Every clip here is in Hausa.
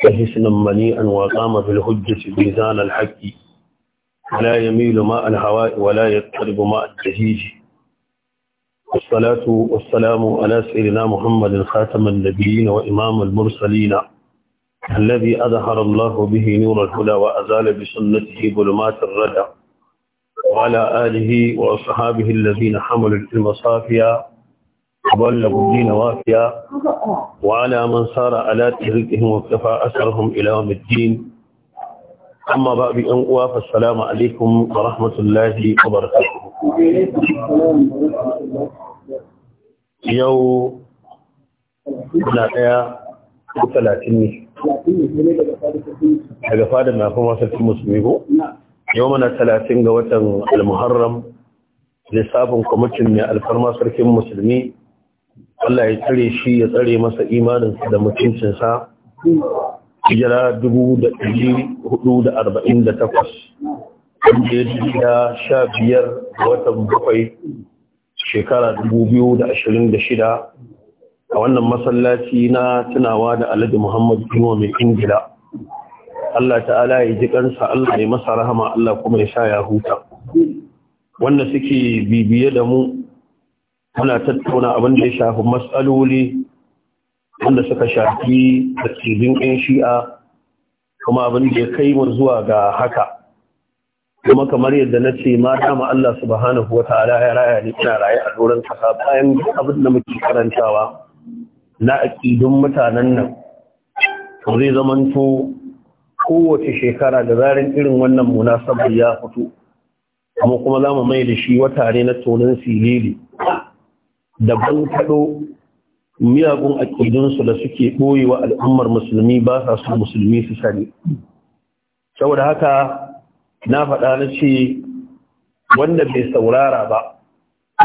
كهسنا منيئا وقام في الهجة ميزان الحق لا يميل ماء الهواء ولا يقترب ماء التهيج والصلاة والسلام على سيدنا محمد خاتم النبيين وإمام المرسلين الذي أظهر الله به نور الهدى وأزال بسنته ظلمات الردى وعلى آله وأصحابه الذين حملوا الإلم صافيا وبل لكم دين وافيا وعلى من صار على تهلكهم وكفى أسرهم إلى يوم الدين أما بعد أنقوا فالسلام عليكم ورحمة الله وبركاته يو لا يا ثلاثين daga fadar na kuma sarki musulmi ko yau mana talatin ga watan al-muharram lissafin kwamitin mai alfarma sarkin musulmi Allah ya tsare shi ya tsare masa imanin da mutuncinsa hijira 448 wanda ya da biyar watan bakwai shekara 2026 a wannan masallaci na tunawa da alhaji muhammad inuwa mai ingila Allah ta'ala ya ji kansa Allah ya masa rahama Allah kuma ya sha ya huta wanda suke bibiye da mu muna tattauna abin da ya shafi matsaloli wanda suka shafi da cibin 'yan shi'a kuma abin da ya kai mu zuwa ga haka kuma kamar yadda na ce ma dama Allah subhanahu wa ta'ala ya raya ni ina raye a doron kasa bayan abin da muke karantawa na aƙidun mutanen nan to zai zamanto kowace shekara da zarin irin wannan munasabar ya fito kuma kuma za mu mai da shi wata ne na tonin silili da bankaɗo miyagun aƙidunsu da suke ɓoye al'ummar musulmi ba sa su musulmi su sani. Saboda haka na faɗa na ce wanda bai saurara ba,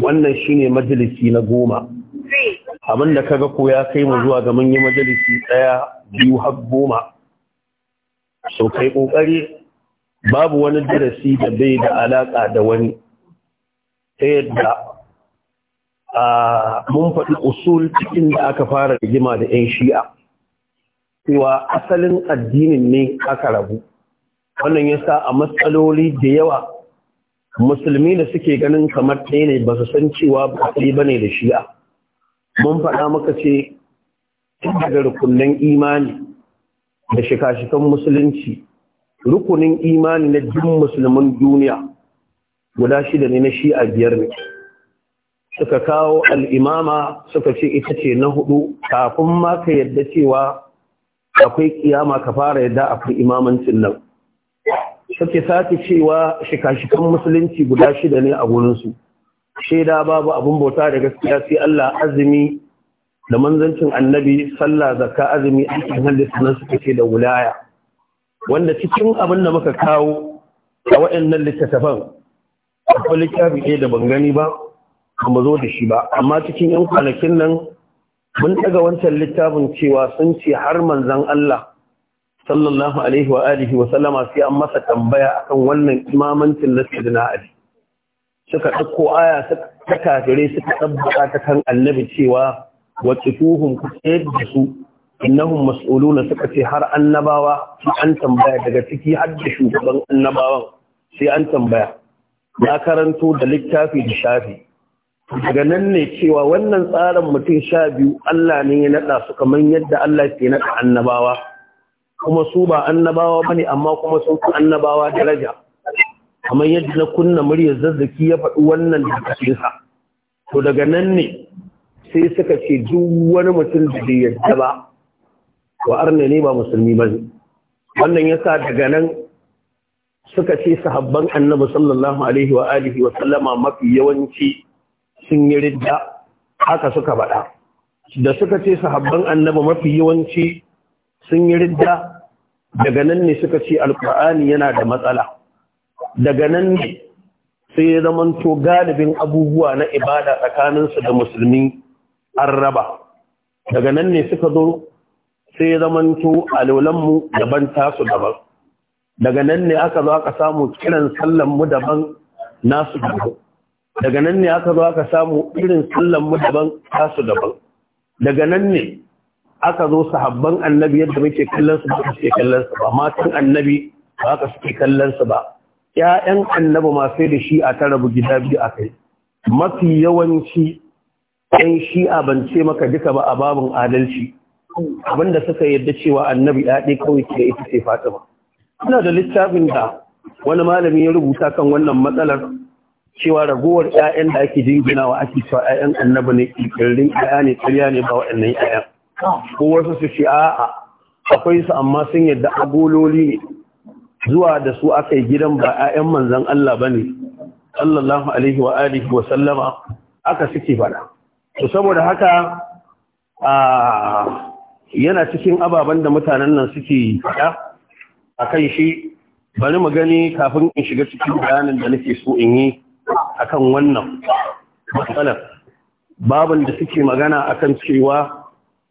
wannan shine majalisi na goma. Abin da kaga ko ya kai mu zuwa ga manyan majalisi ɗaya biyu har goma. So kai ƙoƙari babu wani darasi da bai da alaƙa da wani. Ta yadda mun faɗi usul cikin da aka fara rigima da 'yan shi'a cewa asalin addinin ne aka rabu wannan ya sa a matsaloli da yawa musulmi da suke ganin kamar ɗaya ne ba su san cewa ba ɗaya ba ne da shi'a mun faɗa maka ce daga rukunin imani da shika-shikan musulunci rukunin imani na jin musulmin duniya guda shida ne na shi'a biyar ne suka kawo al'imama suka ce ita ce na hudu kafin ma ka yadda cewa akwai kiyama ka fara yadda akwai imamancin nan suke sake cewa shika-shikan musulunci guda shida ne a gurinsu shaida babu abin bauta da gaskiya sai Allah azumi da manzancin annabi sallah zakka azumi aikin halitta nan suka ce da wulaya wanda cikin abin da muka kawo a waɗannan littattafan akwai littafi ɗaya da ban gani ba mu zo da shi ba amma cikin yan kwanakin nan mun daga wancan littafin cewa sun ce har manzon Allah sallallahu alaihi wa alihi wa sallama sai an masa tambaya akan wannan imamancin na sayyidina Ali suka dauko aya ta kafire suka tabbata ta kan annabi cewa wa qifuhum da su innahum mas'uluna suka ce har annabawa an tambaya daga ciki har da shugaban annabawan sai an tambaya na karanto da littafi da shafi daga nan ne cewa wannan tsarin mutum sha biyu Allah ne ya naɗa su kamar yadda Allah ke naɗa annabawa kuma su ba annabawa bane amma kuma sun fi annabawa daraja kamar yadda na kunna muryar zazzaki ya faɗi wannan da kashinsa to daga nan ne sai suka ce duk wani mutum da bai yadda ba Wa'ar ne ne ba musulmi ba ne wannan yasa daga nan suka ce sahabban annabi sallallahu alaihi wa alihi wa sallama mafi yawanci sun yi ridda haka suka faɗa da suka ce sahabban annaba mafi yawanci sun yi ridda daga nan ne suka ce alkur'ani yana da matsala daga nan ne sai ya to galibin abubuwa na ibada tsakaninsu da musulmi an raba daga nan ne suka zo sai ya zamanto alolanmu daban tasu daban daga nan ne aka zo aka samu kiran sallanmu daban nasu daban daga nan ne aka zo aka samu irin sallan mu daban tasu daban daga nan ne aka zo sahabban annabi yadda muke kallon su ba suke kallon su ba matan annabi ba ka suke kallon su ba ƴaƴan annabi ma sai da shi a ta rabu gida biyu a kai mafi yawanci ƴan shi'a ban ce maka duka ba a babin adalci abinda suka yarda cewa annabi ya ɗaya kawai ke ita ce fatima ina da littafin da wani malami ya rubuta kan wannan matsalar cewa ragowar 'ya'yan da ake jinginawa ake cewa 'ya'yan annabi ne kirkirin ɗaya ne ƙarya ne ba waɗannan 'ya'yan ko wasu su ce a'a akwai su amma sun yadda agololi ne zuwa da su aka yi gidan ba 'ya'yan manzan Allah ba ne sallallahu alaihi wa alihi wa sallama aka suke fada to saboda haka a yana cikin ababen da mutanen nan suke faɗa a kan shi bari mu gani kafin in shiga cikin bayanin da nake so in yi akan wannan matsalar babin da suke magana akan cewa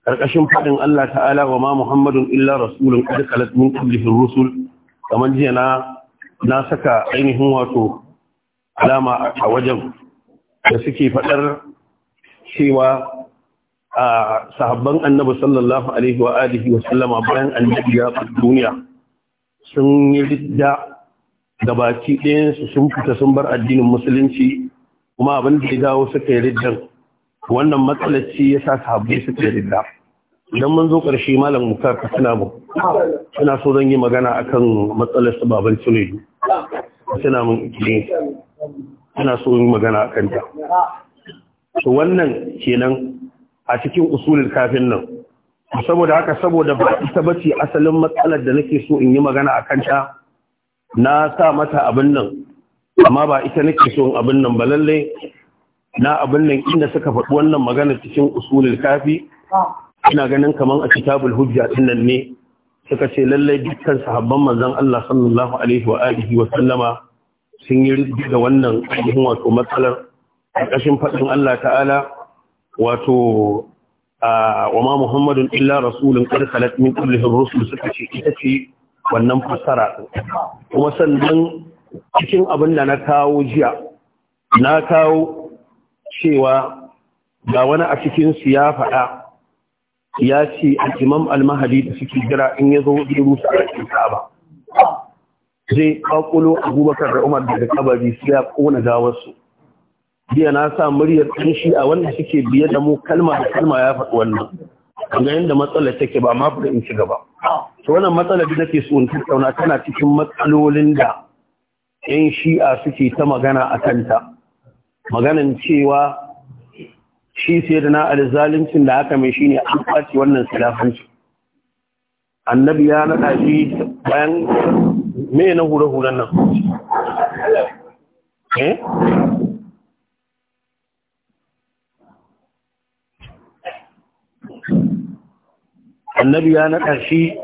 karkashin fadin Allah ta'ala wa ma Muhammadun illa rasulun qad khalat min rusul kamar jiya na na saka ainihin wato alama a wajen da suke fadar cewa a sahabban annabi sallallahu alaihi wa alihi wa sallama bayan annabi ya duniya sun yi da gabaki ɗayansu sun fita sun bar addinin musulunci kuma abin da ya dawo suka yi riddan wannan matsalaci ya sa sahabbai suka yi ridda idan mun zo ƙarshe malam mukar ka suna mu ina so zan yi magana akan matsalar su baban tunudu suna mun ikilin suna so yi magana akan ta to wannan kenan a cikin usulul kafin nan saboda haka saboda ba ita bace asalin matsalar da nake so in yi magana akan ta na sa mata abin nan amma ba ita nake son abin nan ba lalle na abin nan inda suka faɗi wannan magana cikin usulul kafi ina ganin kaman a kitabul hujja din nan ne suka ce lalle dukkan sahabban manzon Allah sallallahu alaihi wa alihi wa sallama sun yi rubutu da wannan ainihin wato matsalar ƙarƙashin faɗin Allah ta'ala wato wa ma muhammadun illa rasulun qad khalat min qablihi rusul suka ce ita ce wannan fassara kuma sannan cikin abin da na kawo jiya na kawo cewa ga wani a cikin su ya faɗa ya ce jimam al-mahadi da suke jira in ya zo zai rusa a cikin ba zai kakulo abubakar da umar daga kabari su ya ƙona gawarsu biya na sa muryar ɗan shi a wanda suke biye da mu kalma da kalma ya faɗi wannan ga yadda matsalar take ba ma in ci gaba to wannan matsalar da nake so in tattauna tana cikin matsalolin da yan shi'a suke ta magana a kanta maganan cewa shi sai da na zaluncin da haka mai shi ne an kwaci wannan salafanci annabi ya naɗa shi bayan me na hura huren nan eh? annabi ya naɗa shi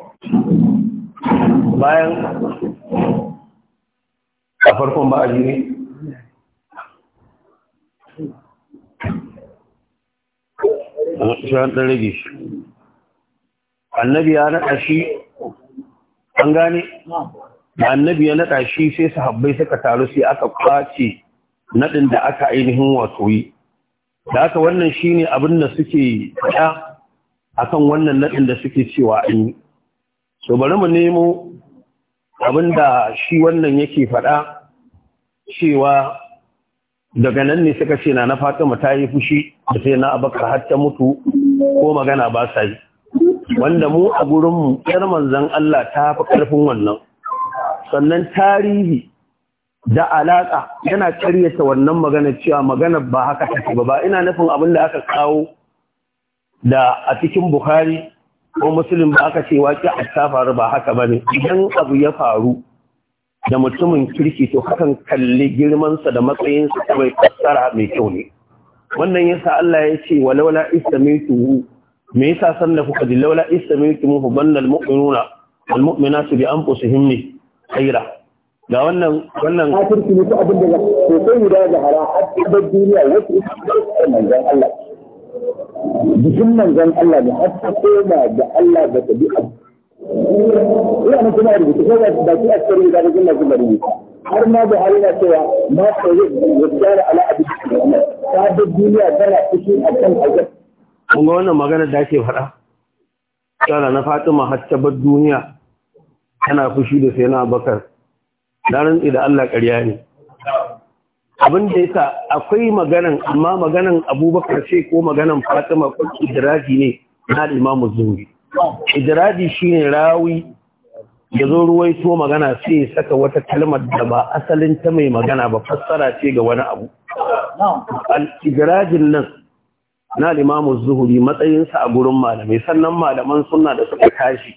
bayan a farkon a ne shan ɗan rage shi annabi ya na shi an gane da annabi ya naɗa shi sai su habbai suka taru sai aka kwace naɗin da aka ainihin wato yi da aka wannan shine abin da suke faɗa akan wannan naɗin da suke cewa an yi so bari mu nemo abin da shi wannan yake faɗa cewa daga nan ne suka ce na na fatima ta yi fushi da sai na abakar har ta mutu ko magana ba sa yi wanda mu a gurinmu yar manzan Allah ta fi ƙarfin wannan sannan tarihi da alaƙa yana ƙaryata wannan magana cewa magana ba haka take ba ina nufin abin da aka kawo da a cikin bukhari ko musulun ba aka ce waƙi a ta faru ba haka ba ne idan abu ya faru da mutumin kirki to hakan kalli girmansa da matsayinsa kawai fassara mai kyau ne wannan yasa Allah ya ce walaula istamitu me yasa san da kuka ji istamitu mu bannal mu'minuna wal mu'minatu bi anfusihim ne khaira ga wannan wannan kafirci ne abin da ce sai da zahara har da duniya yake manzon Allah jikin manzon Allah da har ta koma da Allah da tabi'a ina na kuma rubutu ko ba ki asiri da jikin manzon zubari har ma da hali na cewa ma sai ya tsara ala abi ta da duniya tana fushi kan azab kun ga wannan magana da ake faɗa tsara na Fatima har ta bar duniya tana fushi da sai na Abubakar na rantsi Allah ƙarya ne abin da yasa akwai maganan amma maganan abubakar ce ko maganan fatima ko idraji ne na imamu zuri idraji shine rawi ya zo ruwai ruwaito magana sai ya saka wata kalmar da ba asalin ta mai magana ba fassara ce ga wani abu al nan na limamu zuhuri matsayinsa a gurin malamai sannan malaman suna da suka tashi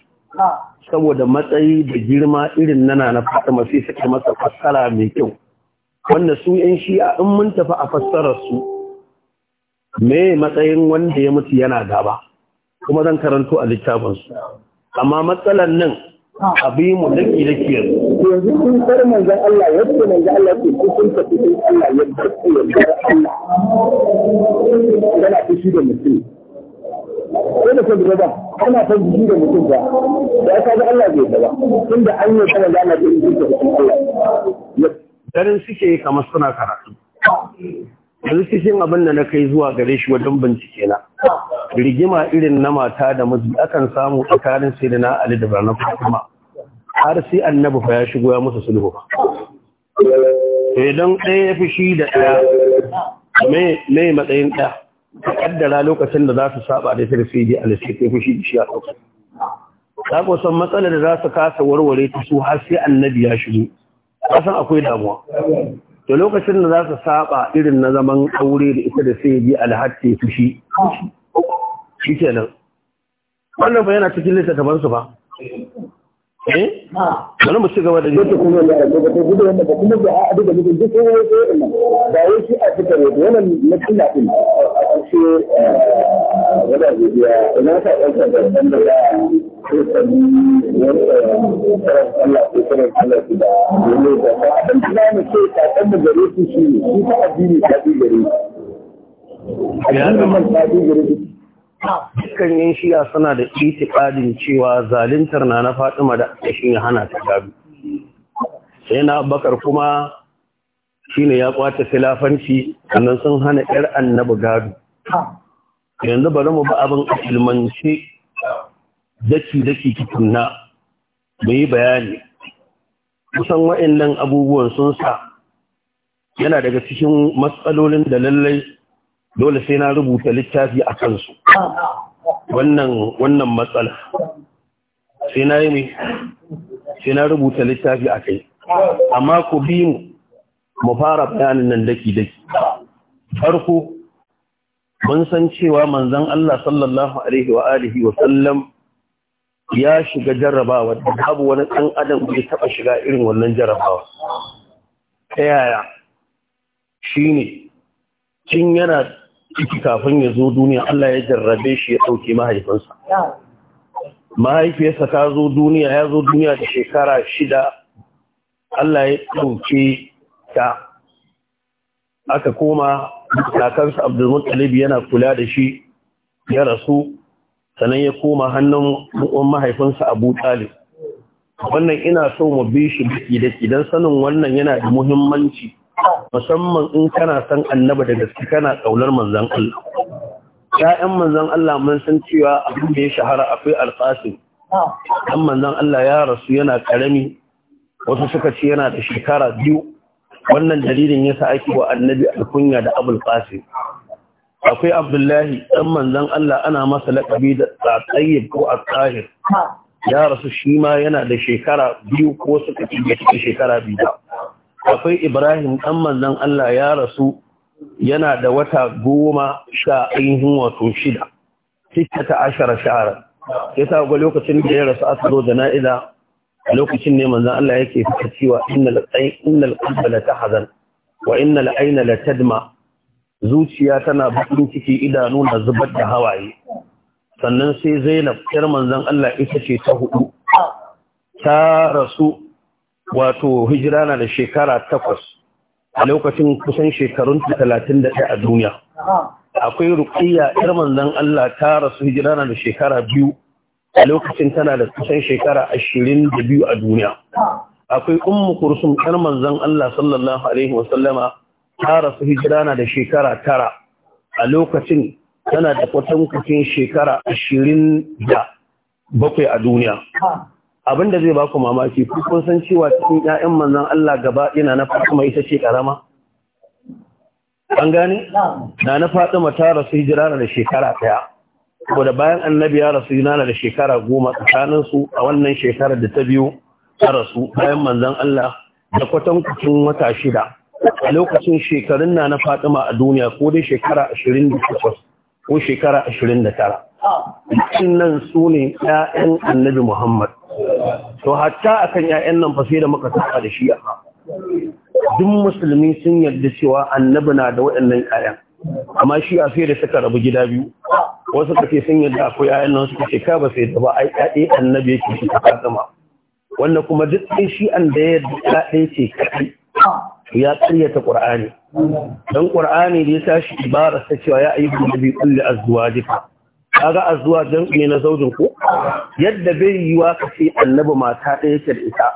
saboda matsayi da girma irin nana na fatima sai suka masa fassara mai kyau wanda su ‘yan shi'a in mun tafi a fassarar su me matsayin wanda ya mutu yana gaba kuma zan karanto a littafin su. amma matsalar nan abi mu daki daki yanzu yanzu kun bar manzon Allah yadda manzon Allah ke kun tafi kun Allah ya bar Allah yana da mutum wanda kan gaba ana kan fushi da mutum ba da aka ga Allah bai gaba tunda an yi kana da Allah bai fushi da Allah ganin suke kamar suna karatu yanzu cikin abin da na kai zuwa gare shi wajen bincike na rigima irin na mata da miji akan samu tsakanin sai da na ali da barna fatima har sai annabi fa ya shigo ya musu sulhu sai dan ɗaya ya fi shi da ɗaya me matsayin ɗaya kaddara lokacin da za su saba da sai sai ji alisai ya fi shi da shi a ɗauka ta kusan matsalar da za su kasa warware ta su har sai annabi ya shigo kasan akwai damuwa Da lokacin da za su saba irin na zaman aure da ita da sai bi alhaji fushi shi kenan wannan ba yana cikin littattafansu ba eh mu gaba da yadda kuma da da da gudu wanda ba kuma da a da mutum duk wani ko inna ba wai shi a fitar wannan na killa din shi eh, wala biya ina ta ɗaukar da dan da ya ko eh, Allah ko Allah da ne da ba dan da mu ce ta dan da gare shi shi ta addini ta gare shi ya ta gare shi dukkan yan shiya suna da itiƙadin cewa zaluntar na na fatima da shi hana ta gabi sai na bakar kuma shine ya kwace filafanci sannan sun hana yar annabi gado yanzu bari mu ba abin ilmance daki daki tukunna mu yi bayani kusan wa'annan abubuwan sun sa yana daga cikin matsalolin da lallai dole sai na rubuta littafi a kansu wannan matsala sai na yi ne sai na rubuta littafi a kai amma ku bi mu mu fara bayanin nan daki-daki farko mun san cewa manzon Allah sallallahu alaihi wa alihi wa ya shiga jarrabawa babu wani ɗan adam bai taɓa shiga irin wannan jarrabawa ta yaya shi ne? cin yana ciki kafin ya zo duniya Allah ya jarrabe shi ya ɗauki mahaifinsa. Mahaifiyarsa ta zo duniya ya zo duniya da shekara shida Allah ya ɗauke ta. Aka koma kakansa Abdulmuttalib yana kula da shi ya rasu sannan ya koma hannun mu'un mahaifinsa Abu Talib. Wannan ina so mu bi shi da sanin wannan yana da muhimmanci. musamman in kana san annaba da gaske kana kaular manzon Allah ƴaƴan manzon Allah mun san cewa abin da ya shahara akwai alqasim dan manzon Allah ya rasu yana karami wasu suka ce yana da shekara biyu wannan dalilin sa ake wa annabi alkunya da abul qasim akwai abdullahi dan manzon Allah ana masa laƙabi da tsayyib ko at-tahir ya rasu shi ma yana da shekara biyu ko suka ce shekara biyu akwai ibrahim ɗan manzan Allah ya rasu yana da wata goma sha ainihin wato shida cikin ta ashara sha'ara ya sa ga lokacin da ya rasu asaro da jana'iza lokacin ne manzan Allah yake fita cewa innal innal da ta hazan, wa tadma zuciya tana bakin ciki idanu na zubar da hawaye sannan sai zainab yar manzan Allah ita ce ta hudu ta rasu wato hijira na da shekara takwas a lokacin kusan shekarun talatin da a duniya akwai rukiya yar manzan Allah ta rasu hijira na da shekara biyu a lokacin tana da kusan shekara ashirin da biyu a duniya akwai ummu kursum yar manzan Allah sallallahu alaihi wasallama ta rasu hijira na da shekara tara a lokacin tana da kwatankwacin shekara ashirin da bakwai a duniya abin da zai baku mamaki ku kun san cewa cikin ƴaƴan manzon Allah gaba ina na Fatima ita ce karama an gane na na Fatima ta rasu hijira da shekara daya saboda bayan annabi ya rasu yana da shekara goma tsakanin su a wannan shekarar da ta biyu ta rasu bayan manzon Allah da kucin wata shida a lokacin shekarun na na Fatima a duniya ko dai shekara 28 ko shekara 29 nan su ne ƴaƴan annabi Muhammad to hatta akan 'ya'yan nan fa sai da muka saba da shi aka duk musulmi sun yarda cewa annabi na da waɗannan 'ya'yan amma shi a sai da suka rabu gida biyu wasu kace sun yarda akwai 'ya'yan nan suka ce ka ba sai da ba ai ƴaƴe annabi yake shi ka kama wanda kuma duk ɗin shi an da ya ɗaya ce kaɗai ya ta ƙur'ani don ƙur'ani da ya tashi ibara ta cewa ya ayyukan da bi kulli azwajika kaga azuwa jam'i na zaujin ku? yadda bai yi wa ka ce annabi mata ɗaya ce da ita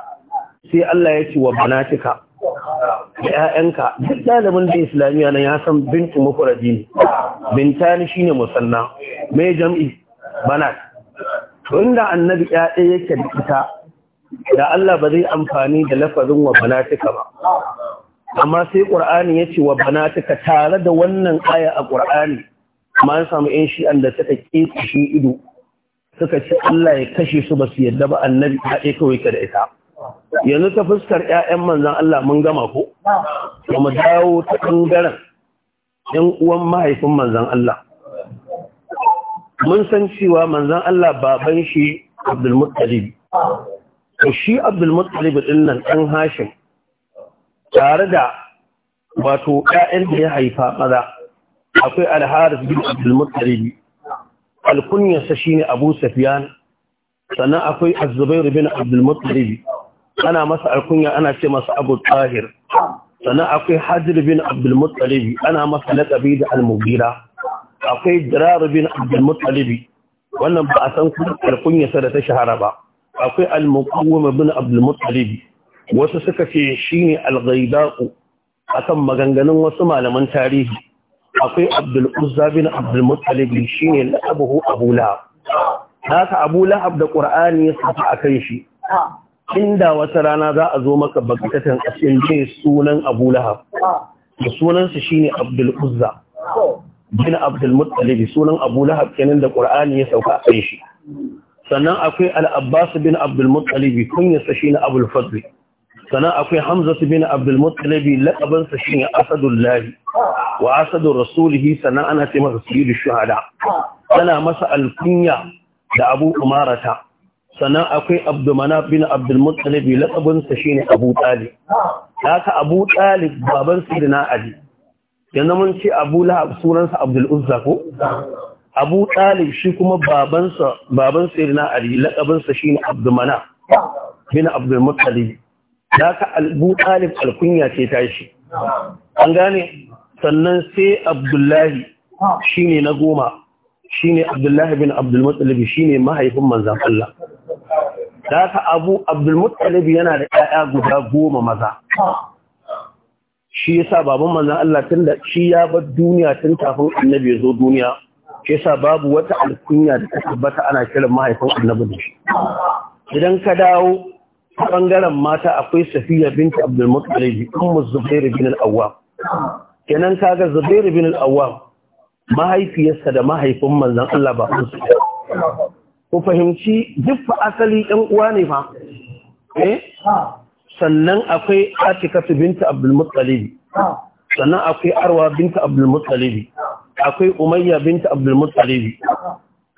sai Allah ya ce wa banatika da ƴaƴanka duk dalibin da islamiyya nan ya san bintu mufradi ne bintani shine musanna me jam'i banat to inda annabi 'ya'ya yake da ita da Allah ba zai amfani da lafazin wa banatika ba amma sai qur'ani ya ce wa banatika tare da wannan aya a qur'ani man ya samu yan shi'an da suka ƙi shi ido suka ce Allah ya kashe su ba su yadda ba annabi ta ɗaya kawai ka da ita yanzu ta fuskar 'ya'yan manzan Allah mun gama ko ba mu dawo ta ɓangaren 'yan uwan mahaifin manzan Allah mun san cewa manzan Allah baban shi Muttalib to shi Muttalib din nan ɗan Hashim tare da wato 'ya'yan da ya haifa maza akwai Alharis haris bin abdul muttalib al-kunya sa shine abu sufyan sannan akwai az bin abdul muttalib ana masa al ana ce masa abu tahir sannan akwai hadir bin abdul muttalib ana masa laqabi da al-mughira akwai Jirar bin abdul muttalib wannan ba a san al sa da ta shahara ba akwai al bin abdul muttalib wasu suka ce shine al-ghaidaq akan maganganun wasu malaman tarihi akwai abdul uzza bin abdul muttalib shine abuhu abu lahab haka abu lahab da qur'ani ya saka akan shi inda wata rana za a zo maka bakatatan a cikin je sunan abu lahab da sunansa shine abdul uzza bin abdul muttalib sunan abu lahab kenan da qur'ani ya sauka akan shi sannan akwai al-abbas bin abdul yasa shi shine abul fadl sannan akwai hamzatu bin abdul muttalib laqaban sa shine asadullahi? wa asadu rasulihi sannan ana ce masa sayyidu shuhada ana masa alkunya da abu umarata sannan akwai abdumanaf bin abdul muttalib laqaban sa shine abu talib haka abu talib baban sidina ali yanzu mun ce abu lahab sunansa abdul uzza ko abu talib shi kuma babansa baban sayyidina ali laqabinsa shine abdumana bin abdul muttalib Daka albu alif alkunya ce tashi an gane sannan sai abdullahi shine na goma shine abdullahi bin abdulmuttalib shine mahaifin manzan Allah da ka abu abdulmuttalib yana da ƴaƴa guda goma maza shi yasa baban manzan Allah tun da shi ya bar duniya tun kafin annabi ya zo duniya shi yasa babu wata alkunya da ta tabbata ana kiran mahaifin annabi da shi idan ka dawo A bangaren mata akwai safiya Binta abdul muttalib ummu zubair bin al-awwam kenan kaga zubair bin al-awwam mahaifiyarsa da mahaifin manzon Allah ba su ku fahimci duk fa asali ɗan uwa ne fa eh sannan akwai atikatu Binta abdul muttalib sannan akwai arwa Binta abdul muttalib akwai umayya Binta abdul muttalib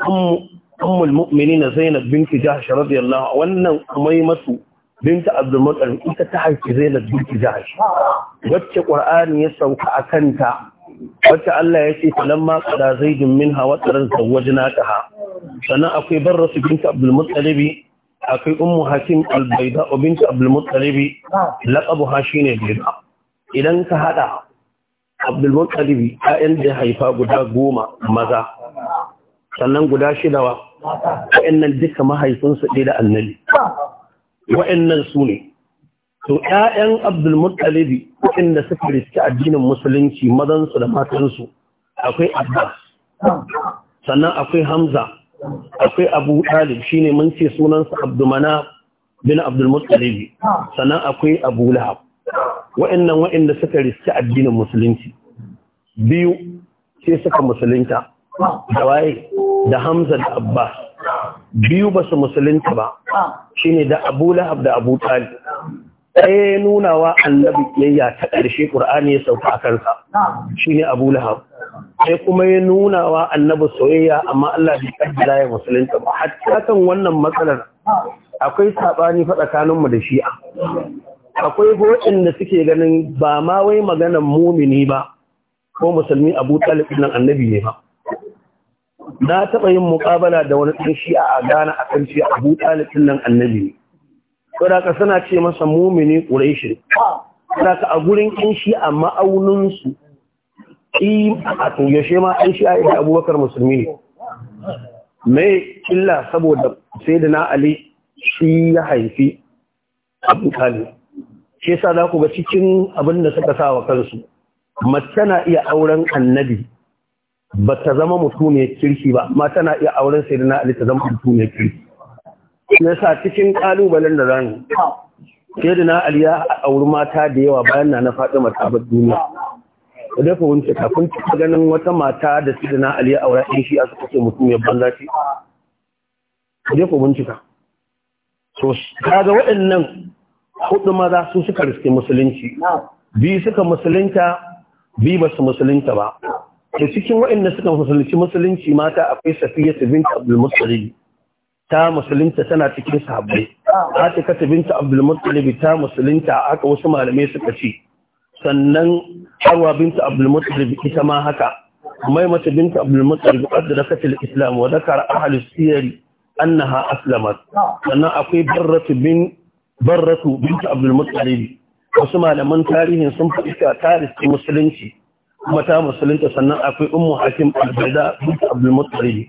ummu ummul mu'minin zainab bint jahsh radiyallahu wannan masu. binta Abdul Muttalib ita ta haifi Zainab binti Jahash wacce Qur'ani ya sauka a kanta wacce Allah ya ce falamma qada zaidun minha wa taran zawwajnataha sannan akwai Barras binta Abdul Muttalib akwai Ummu Hakim al-Bayda binta Abdul Muttalib laqabuha shine Bayda idan ka hada Abdul Muttalib ƴaƴan da haifa guda goma maza sannan guda shida wa wa'annan duka mahaifinsu ɗaya da annabi wa'annan su ne to 'ya'yan Abdul Muttalib waɗanda suka riski addinin musulunci mazan su da matan su akwai Abbas sannan akwai Hamza akwai Abu Talib shine mun ce sunan sa Abdumana bin Abdul Muttalib sannan akwai Abu Lahab wa'annan wa'anda suka riski addinin musulunci biyu sai suka musulunta da waye da Hamza da Abbas biyu ba su musulunta ba ah. Shi ne da abu lahab da abu talib ɗaya nunawa annabi kiyayya ta ƙarshe ƙur'ani ya sauka a kansa Shi ne abu lahab ya kuma ya nunawa annabi soyayya amma Allah bai kaddara ya musulunta ba hatta kan wannan matsalar akwai saɓani fa tsakaninmu da shi'a akwai da suke ganin ba ma wai maganar mumini ba ko musulmi abu talib ɗin annabi ne ba na taɓa yin muƙabala da wani ɗan shi'a a Ghana a kan a Abu nan annabi ne. Kada ka suna ce masa mumini Quraish. Kada ka a gurin ɗan a ma'aunin su a tuyashe ma ɗan shi'a idan Abubakar musulmi ne. Me illa saboda na Ali shi ya haifi Abu Talib. Shi yasa za ku ga cikin abin da suka sa wa kansu. Mace na iya auren annabi ba ta zama mutumiyar kirki ba amma tana iya auren sai na ali ta zama mutumiyar kirki na sa cikin kalubalen da zan sai da na ali ya auri mata da yawa bayan na na faɗi mata duniya da dafa wunce kafin ta ganin wata mata da sai da na ali ya aura in shi a suka ce mutumiyar banza ce da dafa bincika Ta kaga waɗannan hudu maza su suka riske musulunci bi suka musulunta bi ba su musulunta ba da cikin waɗanda suka musulunci musulunci mata akwai safiya Binta abdul muttalib ta musulunta tana cikin sahabbai atika Binta abdul muttalib ta musulunta aka wasu malamai suka ce sannan harwa Binta abdul muttalib ita ma haka maimata bint abdul muttalib da al-islam wa dhakara ahli siyar annaha aslamat sannan akwai barratu bin barratu bint abdul wasu malaman tarihin sun faɗi tarihin musulunci mata musulunta sannan akwai ummu hakim al bayda bint abdul muttalib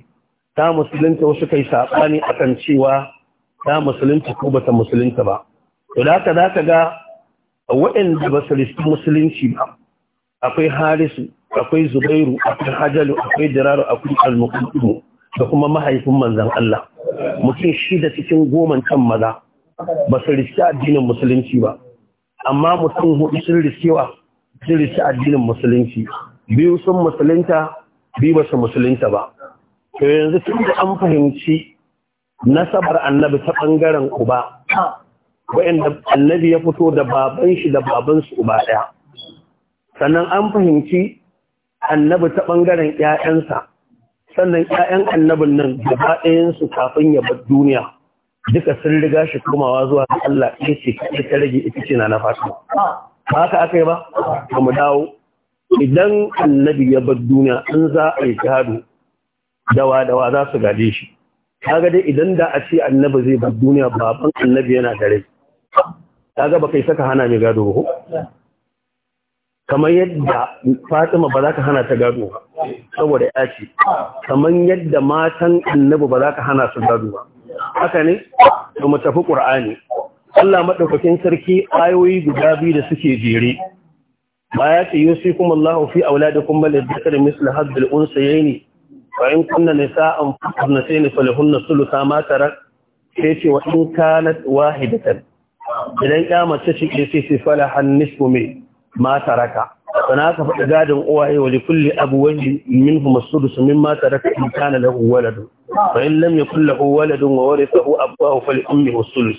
ta musulunta wasu kai sabani akan cewa ta musulunta ko bata musulunta ba to da haka zaka ga waɗanda ba su rishi musulunci ba akwai harisu akwai zubairu akwai hajalu akwai diraru akwai al-muqaddim da kuma mahaifin manzon Allah mutum da cikin goma kan maza ba su addinin musulunci ba amma mutum hudu sun riskewa sun rishi addinin musulunci biyu sun musulunta biyu ba su musulunta ba to yanzu tun da an fahimci nasabar annabi ta ɓangaren uba wa'inda annabi ya fito da baban shi da baban su uba ɗaya sannan an fahimci annabi ta ɓangaren ‘ya'yansa sannan ‘ya'yan annabin nan gaba ɗayansu kafin ya bar duniya duka sun riga shi komawa zuwa Allah ɗaya ce ta rage ita ce na na fatima ba haka aka yi ba ba mu dawo idan annabi ya bar duniya an za a yi shahadu dawa dawa za su gade shi kaga dai idan da a ce annabi zai bar duniya baban annabi yana da rai kaga ba kai saka hana mai gado ba kamar yadda Fatima ba za ka hana ta gado ba saboda ya ce kamar yadda matan annabi ba za ka hana su gado ba haka ne to mu tafi qur'ani Allah maɗaukakin sarki ayoyi guda biyu da suke jere ba ya ce yusi kuma Allah fi auladikum bal yadhkar misl hadd al ne wa in kunna nisa'an fa'natayn falahunna thulutha ma tarak sai ce wa in kanat wahidatan idan ya mace ce sai ce falahan nisfu mai ma taraka sana ka faɗi gadin uwaye wa likulli abuwan minhum as-sudus mimma taraka in kana lahu waladun fa in lam yakul lahu waladun wa warithahu abahu fal ummi as-sudus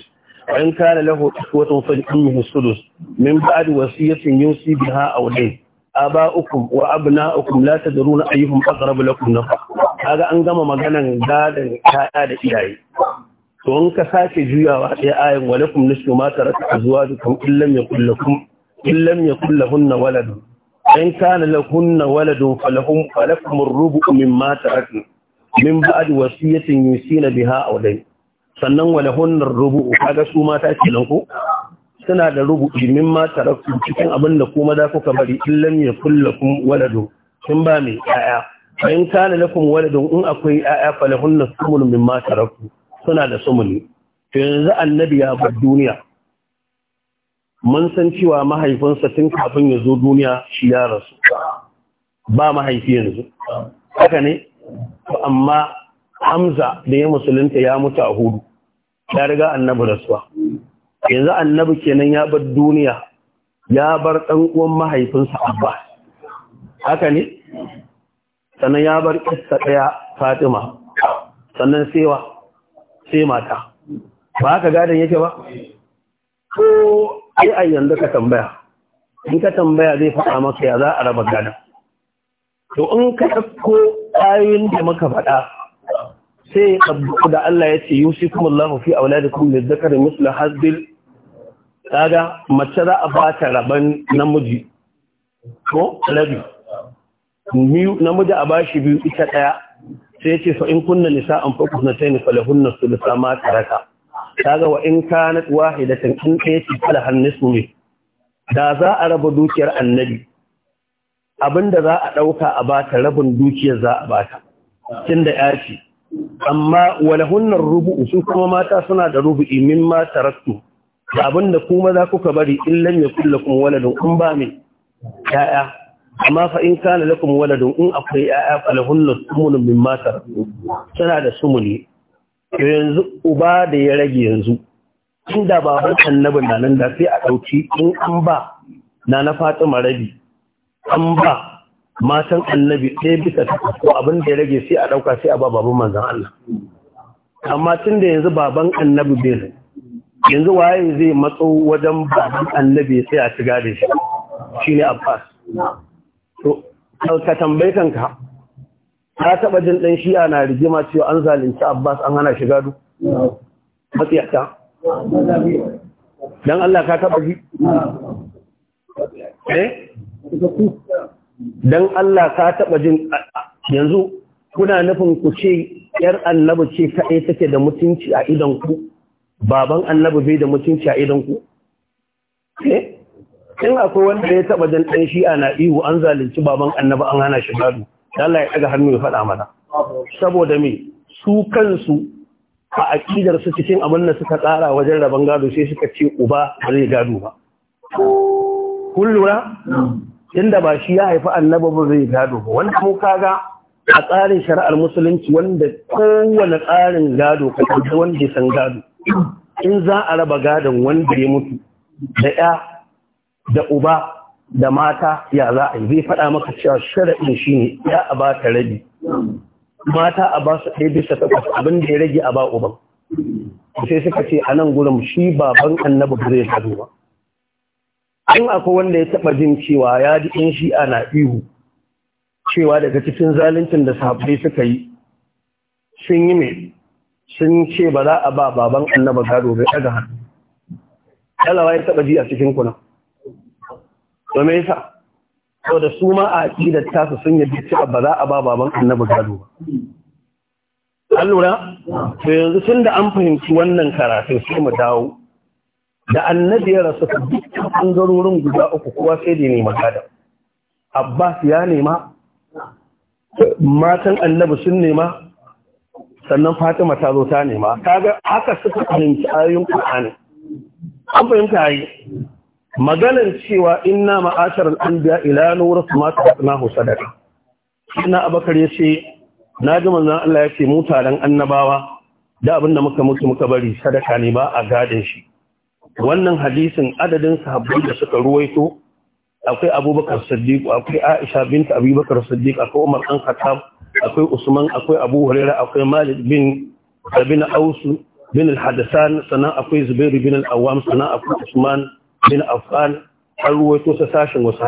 وإن كان له إخوة فلأمه السدس من بعد وصية يوصي بها أو دين آباؤكم وأبناؤكم لا تدرون أيهم أقرب لكم نفعا هذا أنقم مغانا دادا كادا إلهي وإن كساك جويا وحي آية ولكم نسل ما ترك أزواجكم إن لم يقل لكم إن لم يقل لهن ولد إن كان لهن ولد فلهم فلكم الربع مما تركن من بعد وصية يوصين بها أو دين sannan wale hunnar rubu'u kaga su mata kenan ko suna da rubu'i ma taraktu cikin abin da kuma za kuka bari illam yakullakum waladu sun ba mai yaya in kana lakum waladun in akwai yaya falahunna sumul ma taraktu suna da sumuli to yanzu annabi ya bar duniya mun san cewa mahaifinsa tun kafin ya zo duniya shi ya rasu ba mahaifi yanzu haka ne amma hamza da ya musulunta ya mutu a hudu ya riga annabi rasuwa yanzu annabi kenan ya bar duniya ya bar ɗan uwan mahaifinsa abba haka ne sannan ya bar kissa ɗaya fatima sannan sewa sai mata ba ka gadan yake ba ko ai a yanzu ka tambaya in ka tambaya zai faɗa maka ya za a raba gadon to in ka ɗauko ayoyin da muka faɗa sai abu da Allah ya ce yusikum Allahu fi da lidzakari musulun hasbil kaga mace za a ba ta raban namiji ko rabi namiji a bashi biyu ita daya sai ya ce fa in kunna nisa'an fa kunatayn falahunna thulutha ma taraka kaga wa in kanat da in ɗaya ce falahan nisfu ne da za a raba dukiyar annabi abinda za a ɗauka a ba ta rabin dukiyar za a ba ta. bata da ya ce amma walahunnar rubu'u sun kuma mata suna da rubu'i mimma taraktu da abinda kuma za kuka bari in lam yakul lakum waladun in ba mai ya'ya amma fa in kana lakum waladun in akwai ya'ya falahunnar sumun ma tarattu suna da sumuni yanzu uba da ya rage yanzu inda baban na nan da sai a dauki in an ba na na fatima rabi an ba matan annabi ɗaya bisa ta ko abin da ya rage sai a ɗauka sai a ba baban manzan Allah amma tun da yanzu baban annabi bai yanzu waye zai matso wajen baban annabi sai a shiga da shi shine Abbas to ka tambayi kanka ka taba jin dan shi ana rigima cewa an zalunci Abbas an hana shiga du matsiyata dan Allah ka taba ji eh dan Allah ka taba jin yanzu kuna nufin ku ce ‘yar annabi ce kaɗai take da mutunci a ku? baban annabi bai da mutunci a ku? Eh, in akwai wanda ya taɓa jin ɗan shi'a na ihu an zalunci baban annabi an hana shi gado, Allah ya ɗaga hannu ya faɗa mana. Saboda me, su kansu a aƙidar su cikin abin da suka tsara wajen rabon gado sai suka ce uba ba zai gado ba. Kun lura? tunda ba shi ya haifi annaba ba zai gado ba wanda mu kaga a tsarin shari'ar musulunci wanda kowane tsarin gado ka kalli wanda san gado in za a raba gadon wanda ya mutu da ya da uba da mata ya za a yi zai faɗa maka cewa shari'in shi ne ya a ba ta rabi mata a ba su ɗaya bisa takwas abin da ya rage a ba uban sai suka ce a nan gurin shi baban annabi ba zai gado ba in akwai wanda ya taɓa jin cewa ya ji in shi'a na ihu cewa daga cikin zaluncin da sahabbai suka yi sun yi mai sun ce ba za a ba baban annaba gado bai daga hannu talawa ya taɓa ji a cikin kuna domin yasa sau da su ma a da tasu sun yi cewa ba za a ba baban annaba gado ba an lura to yanzu tun da an fahimci wannan karatun sai mu dawo da annabi ya rasu ta dukkan ɓangarorin guda uku kowa sai da nema gada abbas ya nema matan annabi sun nema sannan fatima ta zo ta nema Ta kaga haka suka fahimci ayoyin qur'ani an fahimta yi maganar cewa inna ma'ashar al'anbiya ila nuru ma ta'nahu sadaqa ina abakar na ji manzon Allah yace ce mutanen annabawa da abin da muka mutu muka bari sadaka ne ba a gadin shi wannan hadisin adadin sahabbai da suka ruwaito akwai abubakar saddiq akwai aisha bint abubakar saddiq akwai umar dan khattab akwai usman akwai abu hurairah akwai malik bin bin aus bin al-hadasan sannan akwai zubair bin al-awwam sannan akwai usman bin affan an ruwaito sa sashin wasu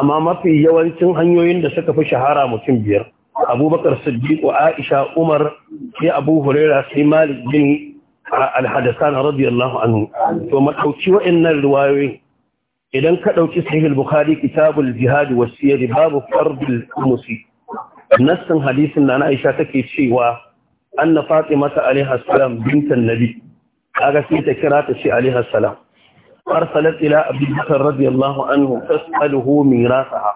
amma mafi yawancin hanyoyin da suka fi shahara mutum biyar abubakar saddiq aisha umar sai abu hurairah sai malik bin al-hadasan radiyallahu anhu to mu dauki wa'annan riwayoyi idan ka ɗauki sahih al-bukhari kitabul jihad was babu fard al-khums nassin hadisin da Aisha take cewa anna fatima ta alaiha salam bintan nabi kaga sai ta kira ta ce alaiha salam arsalat ila abi bakr radiyallahu anhu tasaluhu mirasaha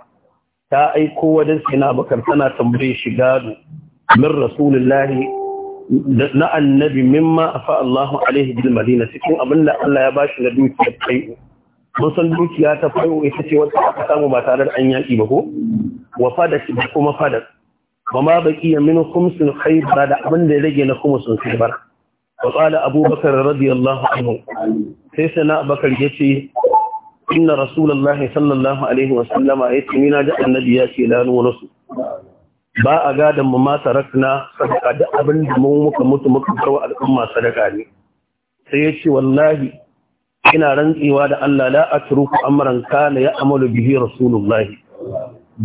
ta aiko wajen sina bakar tana tambaye shi gado min rasulullahi na annabi mimma afa Allahu alaihi bil madina cikin abin da Allah ya bashi na dukiya ta fai'u mun san dukiya ta fai'u ita ce wata aka samu ba tare da an yaki ba ko wa fada da kuma fada wa ma baqiya min khumsin khaybar da abin da ya rage na khumsin khaybar wa qala Abu Bakar radiyallahu anhu sai sana Bakar yace inna rasulullahi sallallahu alaihi wa sallama yace ni na ji annabi ya ce la nuwasu ba a gadon mu ma rakna sadaka duk abin da mu muka mutu muka bar wa al'umma sadaka ne sai ya ce wallahi ina rantsewa da Allah la atruku amran kana ya amalu bihi rasulullah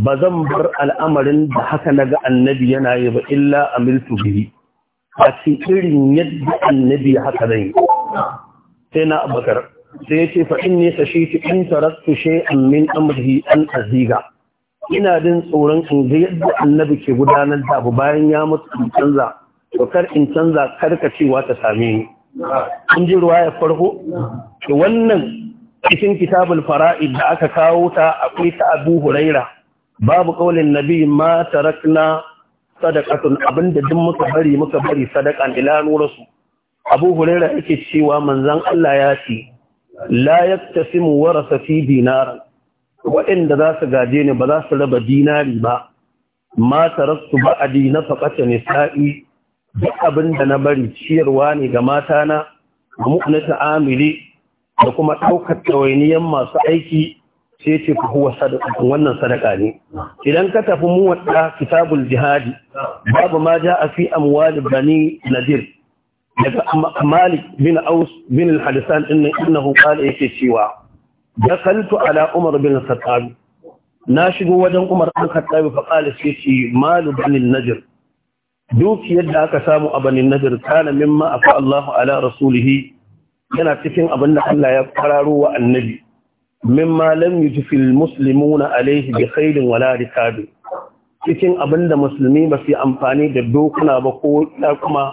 ba zan bar al'amarin da haka naga annabi yana yi ba illa amiltu bihi a irin yadda annabi haka zai yi sai na abakar sai ya ce fa inni sashitu in taraktu shay'an min amrihi an aziga ina din tsoron in ga yadda annabi ke gudanar da abu bayan ya mutu in canza to kar in canza kar ka karkacewa ta same ni kun ji ya farko to wannan cikin kitabul fara'id da aka kawo ta akwai ta Abu Huraira babu kaulin nabi ma tarakna sadaqatun abinda duk muka bari muka bari sadaqan ila nurasu Abu Huraira yake cewa manzon Allah ya ce la yaktasimu warasa dinaran waɗanda za su gaje ni ba za su raba dinari ba ma tarastu ba'adi na faƙata nisa'i duk abin da na bari ciyarwa ne ga matana na, mu'nata da kuma ɗaukar ɗawainiyar masu aiki sai ce ku sadaka wannan sadaka ne idan ka tafi mu wadda kitabul jihadi babu ma ja a fi amwali bani nadir daga malik bin aus bin al-hadisan innahu qala yake cewa dakaltu ala umar bin khattab na shigo wajen umar bin khattab fa qala sai malu banin najr duk yadda aka samu a banin najr kana mimma afa Allah ala rasulihi yana cikin abin da Allah ya kararo wa annabi mimma lam yujfi almuslimuna alayhi bi khairin wala rikab cikin abin da musulmi ba su amfani da dokuna ba ko kuma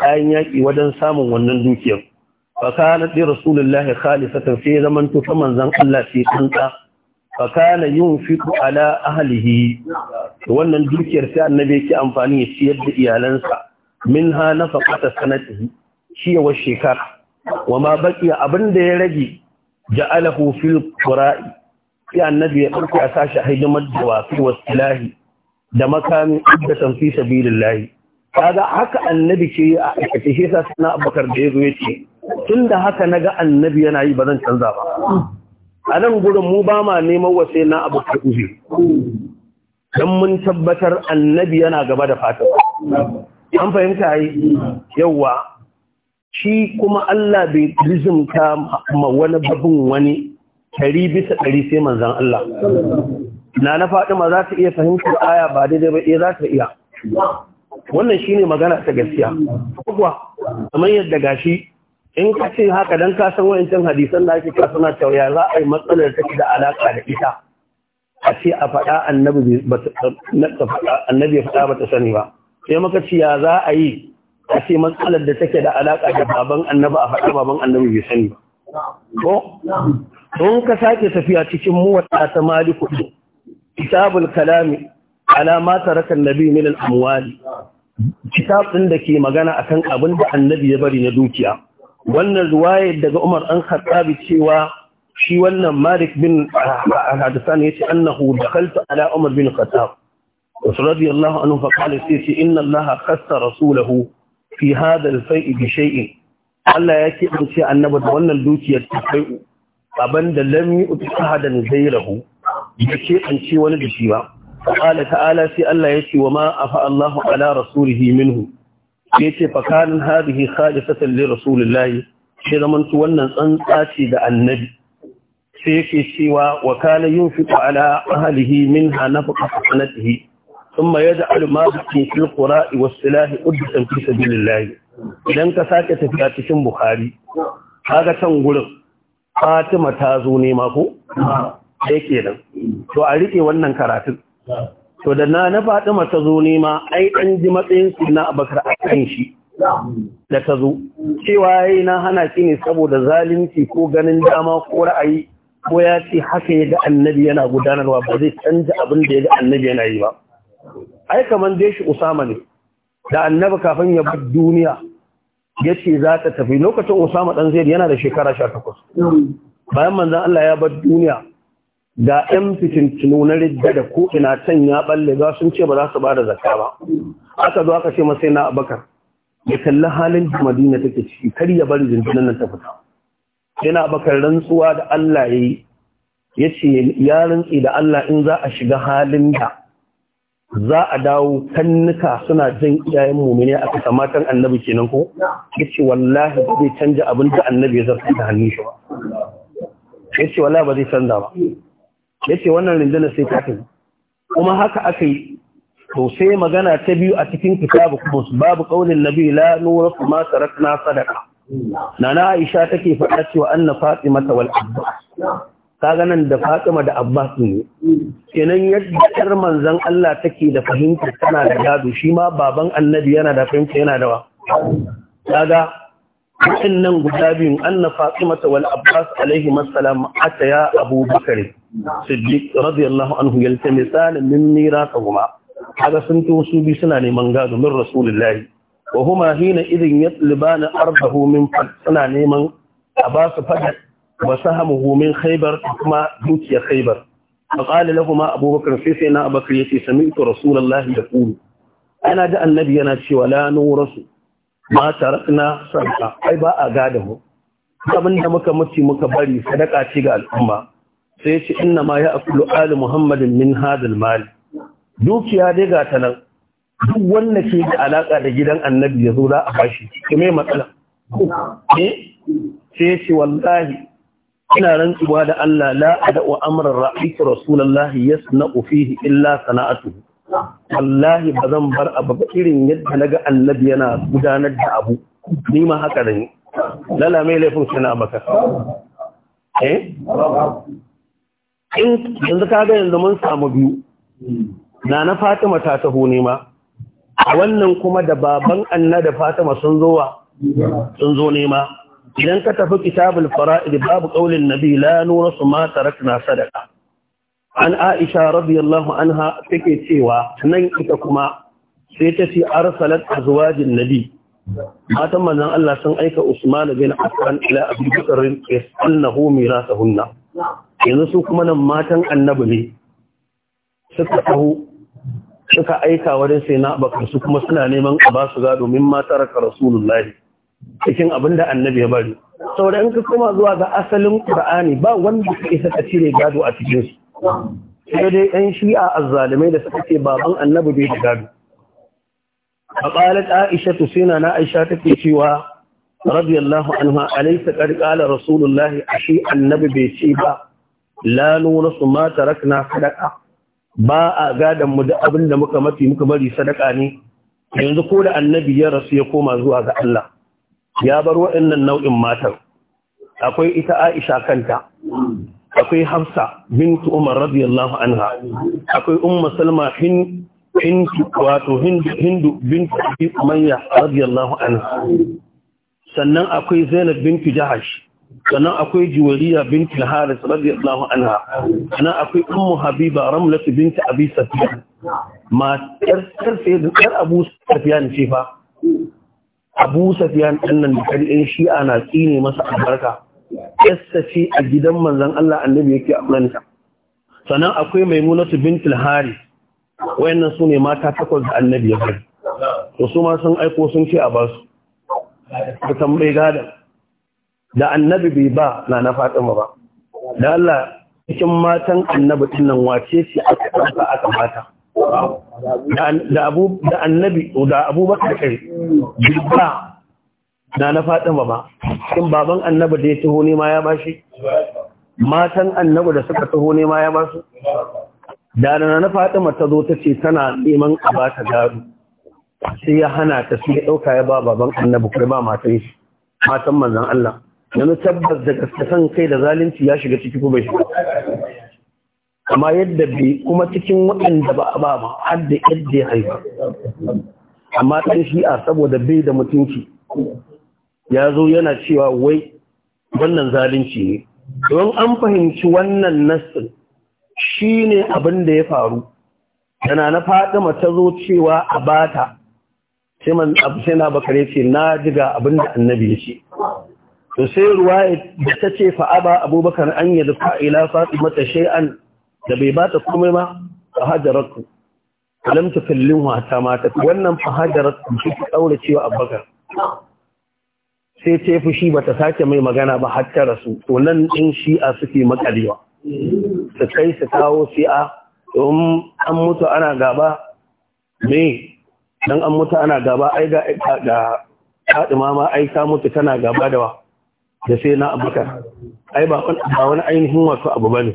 kayan yaƙi wajen samun wannan dukiyar فكانت لرسول الله خالصة في زمن تفمن زن الله في قنطة فكان ينفق على أهله wannan dukiyar sai annabi yake amfani ya ciyar da iyalansa minha nafaqata sanatihi ciyawar shekara wama baqiya abinda ya rage ja'alahu fil qura'i sai annabi ya dauki a sashi hidimar da wafi wasilahi da makamin iddatan fi sabilillah kaga haka annabi ce a aikace shi sa sana abakar da yazo yace tun da haka na ga annabi yana yi ba zan canza ba a nan gurin mu ba ma neman wasai na abu ta don mun tabbatar annabi yana gaba da fatan an fahimta yi yawa shi kuma Allah bai rizumta ma wani babin wani tari bisa ɗari sai manzan Allah na na ma za ta iya fahimtar aya ba daidai ba eh, za ta iya wannan shine magana ta gaskiya kuma kamar yadda gashi in ka ce haka don ka san wayancin hadisan da ake kira suna cewa ya za a yi matsalar take da alaƙa da ita a ce a faɗa annabi ya faɗa ba ta sani ba sai muka ce ya za a yi a ce matsalar da take da alaƙa da baban annabi a faɗa baban annabi bai sani ba ko don ka sake tafiya cikin muwata ta maliku kitabul kalami alama ta rakan nabi min al-amwali da ke magana akan abin da annabi ya bari na dukiya wannan ruwaye daga Umar an cewa shi wannan Malik bin al ya ce annahu da dakhaltu ala Umar bin Khattab radiyallahu anhu fa qala sayyidi inna Allah khassa rasulahu fi hadha al-fai' bi shay'in Allah yake da shi annabi da wannan dukiyar ta kai baban da lami utsaha da zairahu yake an ce wani da shi ba qala ta'ala sai Allah yake wa ma Allahu ala rasulihi minhu sai ce fakanin hadihi khalisatan li rasulillahi shi zaman wannan tsantsaci da annabi sai yake cewa wa kana halihi min hana minha nafaqa sanatihi thumma yaj'alu ma fi fil qura'i was silahi uddatan fi lillahi. idan ka sake tafiya cikin buhari kaga can gurin fatima ta zo ne mako? ko da nan to a riƙe wannan karatun to da na na Fatima ta zo nema ai an ji matsayin su na Abakar a kan shi da ta zo cewa yayi na hana ki ne saboda zalunci ko ganin dama ko ra'ayi ko ya ce haka ya ga annabi yana gudanarwa ba zai canza abin da ya ga annabi yana yi ba ai kamar dai shi Usama ne da annabi kafin ya bar duniya ya ce za ta tafi lokacin Usama ɗan Zaid yana da shekara 18 bayan manzan Allah ya bar duniya Da 'yan fitintinu na ridda da ko ina can ya balle za sun ce ba za su ba da zakka ba aka zo aka ce sai na abakar ya kalli halin da madina take ciki kar ya bari jinjinan nan ta fita yana abakar rantsuwa da Allah ya yi ya ce ya rantsi da Allah in za a shiga halin da za a dawo kannuka suna jin iyayen mumini a kasa matan annabi kenan ko ya ce wallahi ba zai canja abin da annabi ya zarta da hannun shi ba ya ce wallahi ba zai canza ba ya ce wannan rindunar sai ta kai kuma haka aka yi to sai magana ta biyu a cikin kitabu su babu biyu nabi la nura kuma sarakna sadaka nana aisha take faɗa cewa anna fatima ta wal Ka kaga nan da fatima da abbas ne kenan yadda kar manzon Allah take da fahimta tana da gado shi ma baban annabi yana da fahimta yana da wa kaga nan guda biyun anna fatimata wal abbas alaihi masalam ataya abu bakari siddiq radiyallahu anhu yalta misalan min mirasahuma kaga sun to su bi suna neman gado min rasulullahi wa huma hina idin yatlibana ardahu min fad suna neman a ba su fada wa sahamuhu min khaybar kuma dukiya khaybar فقال لهما أبو sai في abakar أبو بكر يتي سمعت رسول الله يقول أنا جاء النبي أنا تشوى لا نورسه ma tarakna sarka. ai ba a gada mu abin da muka mutu muka bari sadaka ce ga al'umma sai ya ce inna ma ya ali muhammadin min hadal mali dukiya dai ga ta nan duk wanda ke da alaka da gidan annabi ya zo za a bashi ki mai matsala eh sai ce wallahi ina rantsuwa da Allah la ada'u amran ra'aytu rasulullahi yasna'u fihi illa sana'atuhu wallahi ba zan bar abu ba irin yadda na ga annabi yana gudanar da abu ni ma haka da ni lala mai laifin suna maka eh in yanzu ka ga yanzu mun samu biyu na na fatima ta taho ne ma a wannan kuma da baban anna da fatima sun zo wa sun zo ne ma idan ka tafi kitabul fara'id babu qaulin nabi la nurasu ma tarakna sadaqa an aisha radiyallahu anha take cewa nan ita kuma sai ta ce arsalat azwajin nabi matan manzon Allah sun aika Usman bin Affan ila Abi Bakr yasallahu mirasahunna yanzu su kuma nan matan annabi ne suka taho suka aika wajen sai na su kuma suna neman a ba su gado min matar ka rasulullahi cikin abinda annabi ya bari saboda in ka koma zuwa ga asalin qur'ani ba wanda ke isa ka cire gado a cikin su Yadda dai yan shi'a azzalumai da suka ce baban annabi bai da gado a qalat aisha suna na aisha take cewa radiyallahu anha alaysa qad qala rasulullah ashi annabi bai ce ba la nurasu ma tarakna sadaqa ba a gadan mu da abin da muka mafi muka bari sadaka ne yanzu ko da annabi ya rasu ya koma zuwa ga Allah ya bar waɗannan nau'in matar. akwai ita Aisha kanta akwai hafsa bintu umar radiyallahu anha akwai umma salma hin hindu wato hindu bintu umayya radiyallahu anha sannan akwai zainab bintu jahash sannan akwai juwariya bintu haris radiyallahu anha sannan akwai ummu habiba ramlat bintu abi safiyan ma abu safiyan fa abu safiyan ɗannan da kan ɗin shi'a na tsine masa albarka Yassafi a gidan manzan Allah annabi yake aurenta sannan akwai maimunatu bintul hari wayannan su ne mata takwas da annabi ya bari to su ma sun aiko sun ce a basu da tambayi gadan da annabi bai ba na na fatima ba da Allah cikin matan annabi nan wace ce aka ɗauka aka mata da abu da annabi da abubakar kai bai ba na na fatima ba in baban annabi da ya taho ne ma ya shi? matan annabi da suka taho ne ma ya su? da na na fatima ta zo ta ce tana neman a ba ta gado sai ya hana ta su ya dauka ya ba baban annabi kuma ba matan shi matan manzan Allah yanzu tabbas da gaske san kai da zalunci ya shiga ciki ko bai shiga amma yadda bi, kuma cikin waɗanda ba a ba ma har da yadda ya haifa amma ɗan a saboda bai da mutunci ya zo yana cewa wai wannan zalunci ne don an fahimci wannan nassin shi ne abin da ya faru yana na fadima ta zo cewa a bata sai man sai na bakare ce na diga abin da annabi ya ce to sai ruwa da ta ce fa aba abubakar an yi dafa ila fatima ta shay'an da bai bata komai ma a hajaratu lam tukallin wata mata wannan fa hajaratu shi ta daure cewa abubakar sai ta fushi ba ta sake mai magana ba har ta rasu to nan din shi'a suke makalewa su kai su kawo shi'a Don an mutu ana gaba me dan an mutu ana gaba ai ga ga Fatima ma ai ta mutu tana gaba da wa da sai na abuka ai ba wani ainihin wasu abu bane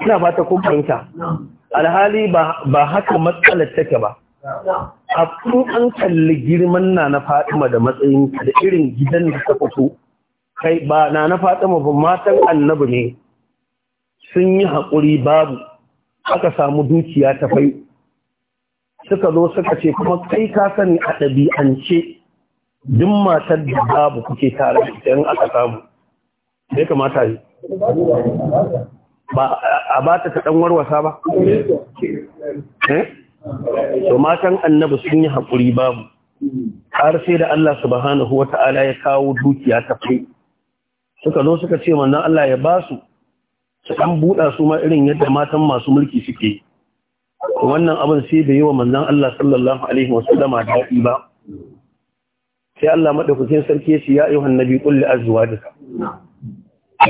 ina ba ta fahimta alhali ba haka matsalar take ba a kun an kalli girman na na fatima da matsayin da irin gidan da ta fito kai ba na na fatima ba matan annabi ne sun yi hakuri babu aka samu dukiya ta fai suka zo suka ce kuma kai ka sani a ɗabi'ance duk matar da babu kuke tare da ita aka samu bai kamata yi ba a ba ta ta ɗan warwasa ba eh? to matan annabi sun yi hakuri babu har sai da Allah subhanahu wa ta'ala ya kawo dukiya ta fi suka zo suka ce manzon Allah ya basu. su su ɗan buɗa su ma irin yadda matan masu mulki suke wannan abin sai bai yi wa manzon Allah sallallahu alaihi wa sallama daɗi ba sai Allah madaukakin sarki ya ce ya ayyuhan nabi qul li azwajika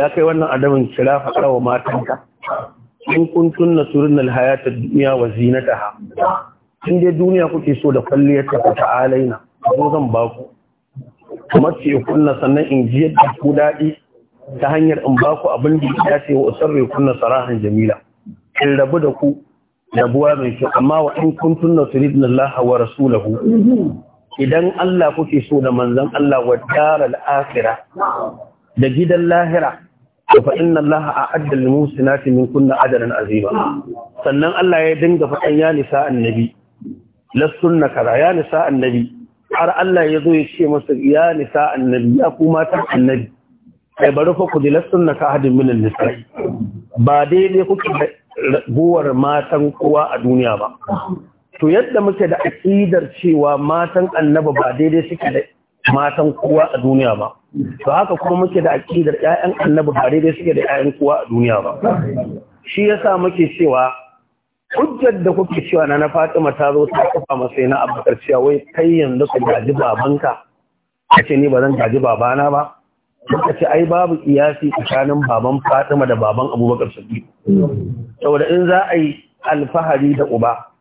ya kai wannan adamin kira fa wa matanka in kuntunna turinna alhayata dunya wa zinataha in dai duniya kuke so da kwalliyar ta ta'alaina ko zan ba ku kamar ce kunna sannan in ji yadda ku daɗi ta hanyar in ba ku abin da ya ce wa usarri kunna sarahan jamila in rabu da ku rabuwa mai kyau amma wa in kuntunna turidna Allah wa rasulahu idan Allah kuke so da manzon Allah wa daral akhirah da gidan lahira fa inna allaha a'adda lil musinati min kunna ajran azima sannan Allah ya dinga faɗan ya nisa annabi lassunna kara ya nisa annabi har Allah ya zo ya ce masa ya nisa annabi ya kuma ta annabi ai bari fa ku lassunna ka hadin min nisa ba daidai kuke guwar matan kowa a duniya ba to yadda muke da aƙidar cewa matan annaba ba daidai suke da matan kowa a duniya ba to haka kuma muke da aƙidar ƴaƴan annabi ba daidai suke da ƴaƴan kowa a duniya ba shi yasa muke cewa hujjar da kuke cewa na na Fatima ta zo ta kafa masai na Abubakar cewa wai kai yanzu ka gaji babanka ce ni ba zan gaji babana ba suka ce ai babu kiyasi tsakanin baban Fatima da baban Abubakar Siddiq saboda in za a yi alfahari da uba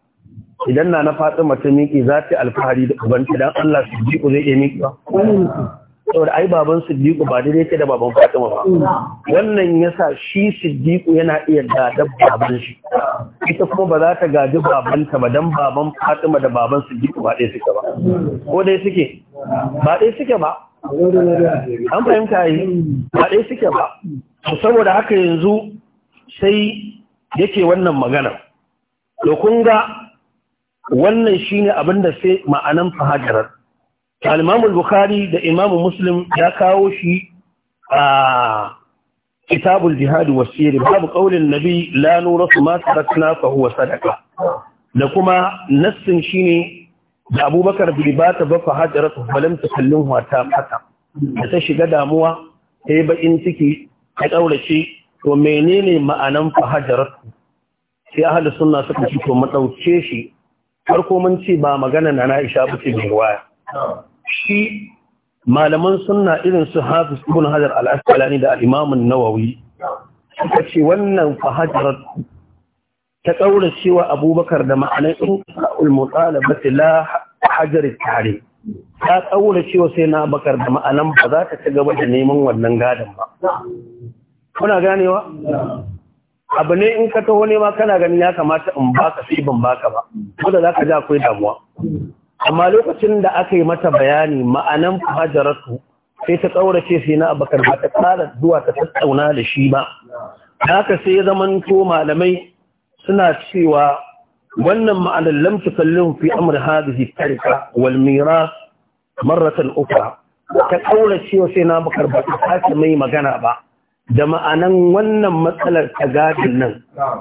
idan na na Fatima ta miƙe za ta alfahari da ubanta dan Allah Siddiqu zai iya miƙewa saboda ai baban Siddiqu ba daidai yake da baban Fatima ba wannan yasa shi Siddiqu yana iya gadar baban shi ita kuma ba za ta gaji babanta ba dan baban Fatima da baban Siddiqu ba ɗaya suke ba ko dai suke ba ɗaya suke ba an fahimta yi ba ɗaya suke ba saboda haka yanzu sai yake wannan magana To kun ga wannan shine abin da sai ma'anan fahajarar Alimamul bukhari da imamu muslim ya kawo shi a kitabul jihad wasiri babu ƙaunin nabi la rasu ma tarakna fahuwa sadaka, da kuma nassin ne da abubakar bai ba ta ba falin su kallin wata mata, da ta shiga damuwa ta yi bakin ciki ta ƙaurace, to menene ma'anan su? sai ahli sunna suka ci to mu shi farko mun ce ba magana na Aisha ce mai waya. shi malaman sunna irin su Hafiz ibn Hajar al-Asqalani da Imam an-Nawawi suka ce wannan fahajar ta kaura cewa Abubakar da in ul mutalaba la hajar tare ta kaura cewa sai na Bakar da ma'anan ba za ta ci gaba da neman wannan gadan ba kuna ganewa abu ne in ka taho ne ma kana ganin ya kamata in baka sai ban baka ba wanda za ka ji akwai damuwa amma lokacin da aka yi mata bayani ma'anan fajaratu sai ta tsaurace sai na abakar ba ta ƙara zuwa ta tattauna da shi ba haka sai ko malamai suna cewa wannan ma'anar lamci kallon fi amr hadhihi tarika walmira miras marratan ta kaura sai na abakar ba ta mai magana ba da ma'anan wannan matsalar ta gadin nan